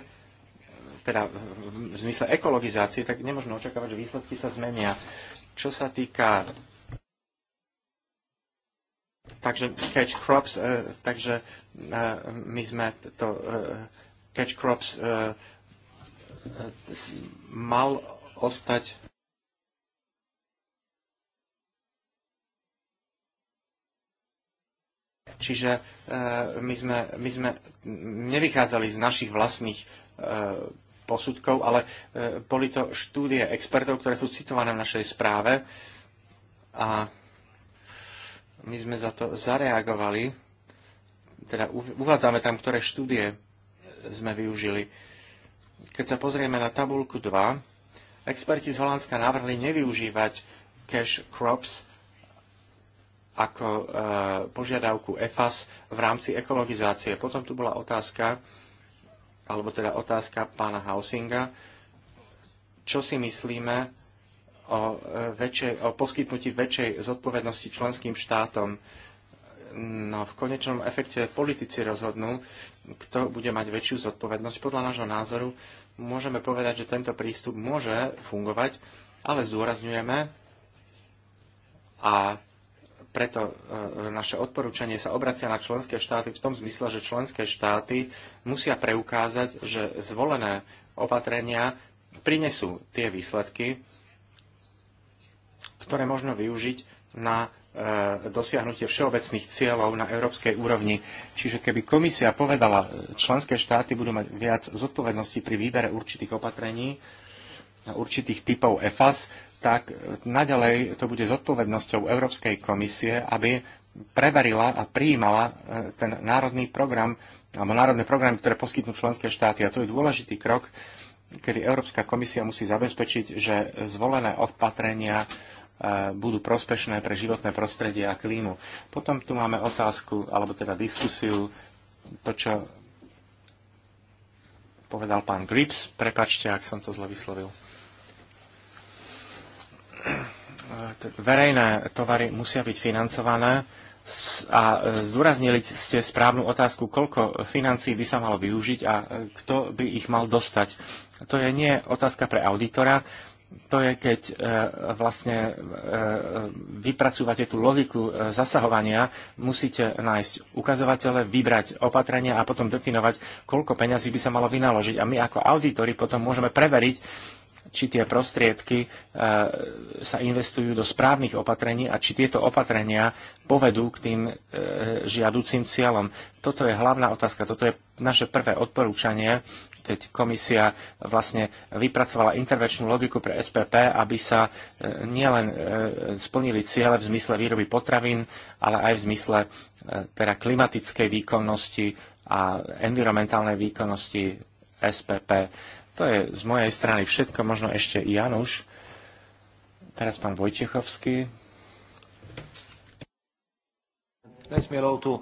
teda v zmysle ekologizácie, tak nemôžno očakávať, že výsledky sa zmenia. Čo sa týka takže catch crops, e, takže e, my sme to e, catch crops mal ostať Čiže my, sme, my sme nevychádzali z našich vlastných posudkov, ale boli to štúdie expertov, ktoré sú citované v našej správe. A my sme za to zareagovali, teda uvádzame tam, ktoré štúdie sme využili. Keď sa pozrieme na tabulku 2, experti z Holandska navrhli nevyužívať cash crops ako e, požiadavku EFAS v rámci ekologizácie. Potom tu bola otázka, alebo teda otázka pána Hausinga, čo si myslíme o, e, väčšej, o poskytnutí väčšej zodpovednosti členským štátom. No, v konečnom efekte politici rozhodnú, kto bude mať väčšiu zodpovednosť. Podľa nášho názoru môžeme povedať, že tento prístup môže fungovať, ale zdôrazňujeme a preto e, naše odporúčanie sa obracia na členské štáty v tom zmysle, že členské štáty musia preukázať, že zvolené opatrenia prinesú tie výsledky, ktoré možno využiť na e, dosiahnutie všeobecných cieľov na európskej úrovni. Čiže keby komisia povedala, e, členské štáty budú mať viac zodpovednosti pri výbere určitých opatrení a určitých typov EFAS, tak e, naďalej to bude zodpovednosťou Európskej komisie, aby preverila a prijímala ten národný program, alebo národné programy, ktoré poskytnú členské štáty. A to je dôležitý krok, kedy Európska komisia musí zabezpečiť, že zvolené opatrenia budú prospešné pre životné prostredie a klímu. Potom tu máme otázku, alebo teda diskusiu, to, čo povedal pán Grips. Prepačte, ak som to zle vyslovil. Verejné tovary musia byť financované a zdôraznili ste správnu otázku, koľko financí by sa malo využiť a kto by ich mal dostať. To je nie otázka pre auditora, to je, keď e, vlastne e, vypracúvate tú logiku e, zasahovania, musíte nájsť ukazovatele, vybrať opatrenia a potom definovať, koľko peňazí by sa malo vynaložiť. A my ako auditori potom môžeme preveriť, či tie prostriedky sa investujú do správnych opatrení a či tieto opatrenia povedú k tým žiaducím cieľom. Toto je hlavná otázka, toto je naše prvé odporúčanie, keď komisia vlastne vypracovala intervenčnú logiku pre SPP, aby sa e, nielen e, splnili ciele v zmysle výroby potravín, ale aj v zmysle e, teda klimatickej výkonnosti a environmentálnej výkonnosti SPP. To je z mojej strany všetko, možno ešte i Januš. Teraz pán Vojtechovský. Let me allow to,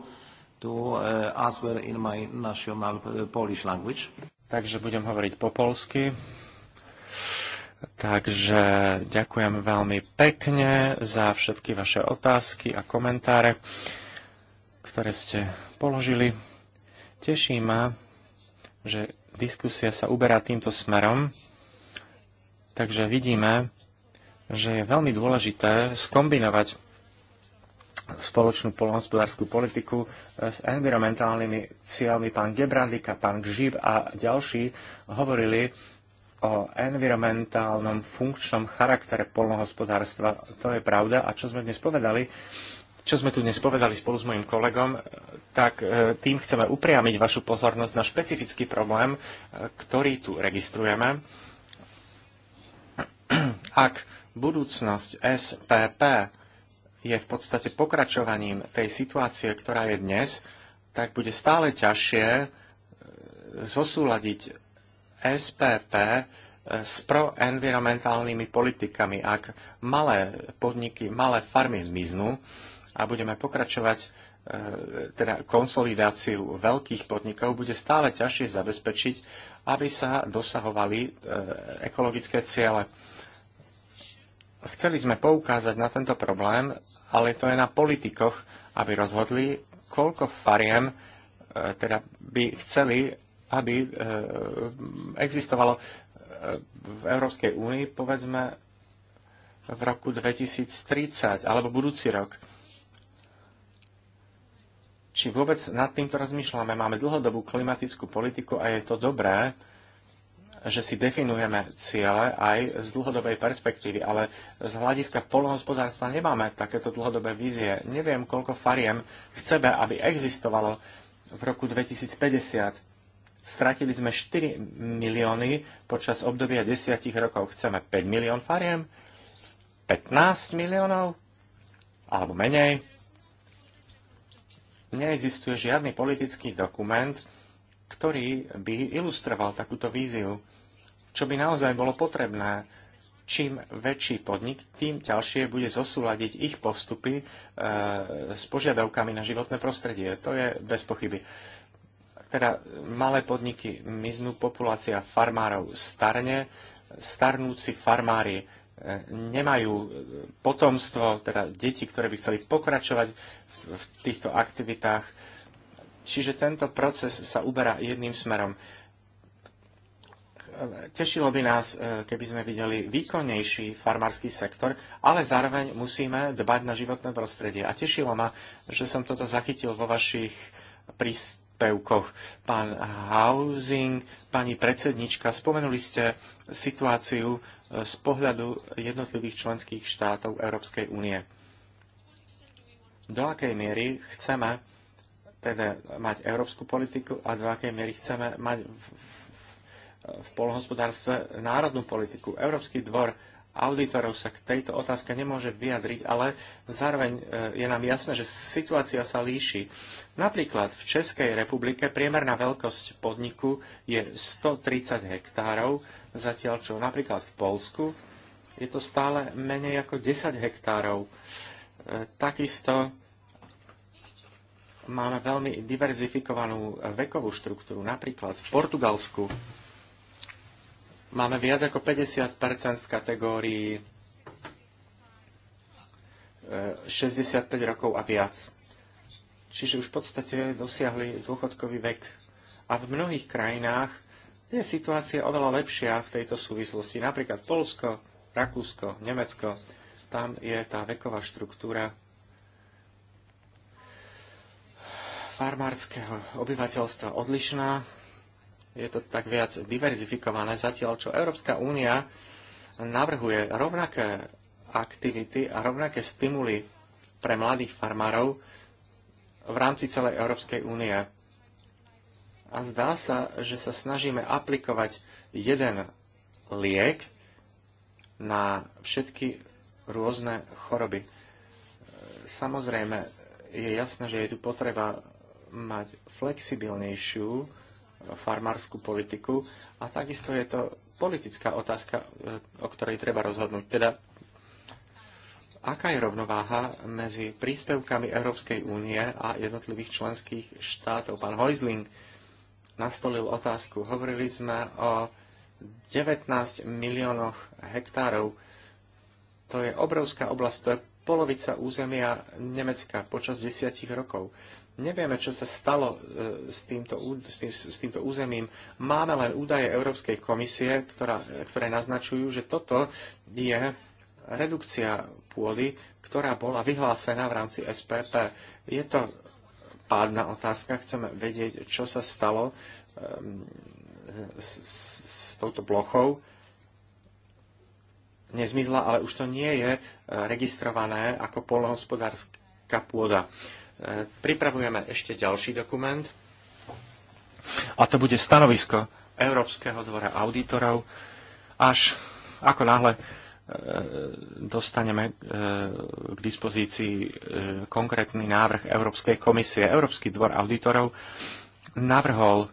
to uh, answer in my national uh, Polish language takže budem hovoriť po polsky. Takže ďakujem veľmi pekne za všetky vaše otázky a komentáre, ktoré ste položili. Teší ma, že diskusia sa uberá týmto smerom, takže vidíme, že je veľmi dôležité skombinovať spoločnú polnohospodárskú politiku s environmentálnymi cieľmi. Pán Gebrandika, pán Gžib a ďalší hovorili o environmentálnom funkčnom charaktere polnohospodárstva. To je pravda. A čo sme dnes povedali, čo sme tu dnes povedali spolu s mojim kolegom, tak e, tým chceme upriamiť vašu pozornosť na špecifický problém, e, ktorý tu registrujeme. Ak budúcnosť SPP je v podstate pokračovaním tej situácie, ktorá je dnes, tak bude stále ťažšie e, zosúľadiť SPP e, s proenvironmentálnymi politikami. Ak malé podniky, malé farmy zmiznú a budeme pokračovať e, teda konsolidáciu veľkých podnikov, bude stále ťažšie zabezpečiť, aby sa dosahovali ekologické ciele. Chceli sme poukázať na tento problém, ale to je na politikoch, aby rozhodli, koľko fariem e, teda by chceli, aby e, existovalo e, v Európskej únii, povedzme, v roku 2030 alebo budúci rok. Či vôbec nad týmto rozmýšľame? Máme dlhodobú klimatickú politiku a je to dobré, že si definujeme ciele aj z dlhodobej perspektívy, ale z hľadiska polnohospodárstva nemáme takéto dlhodobé vízie. Neviem, koľko fariem chceme, aby existovalo v roku 2050. Stratili sme 4 milióny počas obdobia 10 rokov. Chceme 5 milión fariem? 15 miliónov? Alebo menej? Neexistuje žiadny politický dokument, ktorý by ilustroval takúto víziu čo by naozaj bolo potrebné. Čím väčší podnik, tým ťažšie bude zosúľadiť ich postupy e, s požiadavkami na životné prostredie. To je bez pochyby. Teda malé podniky miznú, populácia farmárov starne, starnúci farmári e, nemajú potomstvo, teda deti, ktoré by chceli pokračovať v týchto aktivitách. Čiže tento proces sa uberá jedným smerom. Tešilo by nás, e, keby sme videli výkonnejší farmársky sektor, ale zároveň musíme dbať na životné prostredie. A tešilo ma, že som toto zachytil vo vašich príspevkoch. Pán Housing, pani predsednička, spomenuli ste situáciu e, z pohľadu jednotlivých členských štátov Európskej únie. Do akej miery chceme teda mať európsku politiku a do akej miery chceme mať v polhospodárstve národnú politiku. Európsky dvor auditorov sa k tejto otázke nemôže vyjadriť, ale zároveň e, je nám jasné, že situácia sa líši. Napríklad v Českej republike priemerná veľkosť podniku je 130 hektárov, zatiaľ čo napríklad v Polsku je to stále menej ako 10 hektárov. E, takisto máme veľmi diverzifikovanú vekovú štruktúru. Napríklad v Portugalsku Máme viac ako 50 v kategórii 65 e, rokov a viac. Čiže už v podstate dosiahli dôchodkový vek. A v mnohých krajinách je situácia oveľa lepšia v tejto súvislosti. Napríklad Polsko, Rakúsko, Nemecko. Tam je tá veková štruktúra farmárskeho obyvateľstva odlišná je to tak viac diverzifikované, zatiaľ čo Európska únia navrhuje rovnaké aktivity a rovnaké stimuly pre mladých farmárov v rámci celej Európskej únie. A zdá sa, že sa snažíme aplikovať jeden liek na všetky rôzne choroby. Samozrejme, je jasné, že je tu potreba mať flexibilnejšiu farmárskú politiku a takisto je to politická otázka, e, o ktorej treba rozhodnúť. Teda, aká je rovnováha medzi príspevkami Európskej únie a jednotlivých členských štátov? Pán Heusling nastolil otázku. Hovorili sme o 19 miliónoch hektárov. To je obrovská oblasť, to je polovica územia Nemecka počas desiatich rokov. Nevieme, čo sa stalo e, s týmto, s, tým, s týmto územím. Máme len údaje Európskej komisie, ktorá, ktoré naznačujú, že toto je redukcia pôdy, ktorá bola vyhlásená v rámci SPP. Je to pádna otázka. Chceme vedieť, čo sa stalo ehm, s, s, s touto plochou nezmizla, ale už to nie je e, registrované ako polnohospodárska pôda. E, pripravujeme ešte ďalší dokument a to bude stanovisko Európskeho dvora auditorov, až ako náhle e, dostaneme e, k dispozícii konkrétny návrh Európskej komisie. Európsky dvor auditorov navrhol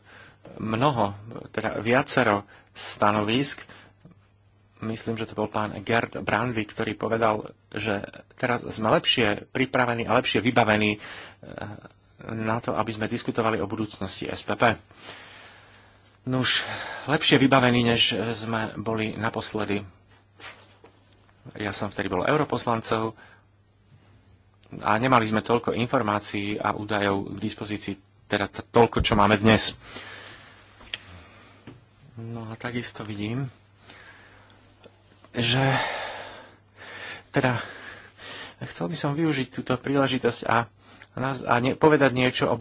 mnoho, teda viacero stanovisk, myslím, že to bol pán Gerd Brandy, ktorý povedal, že teraz sme lepšie pripravení a lepšie vybavení eh, na to, aby sme diskutovali o budúcnosti SPP. Nuž, lepšie vybavení, než eh, sme boli naposledy. Ja som vtedy bol europoslancov a nemali sme toľko informácií a údajov k dispozícii, teda toľko, čo máme dnes. No a takisto vidím, že teda chcel by som využiť túto príležitosť a, a ne, povedať niečo o budúcnosti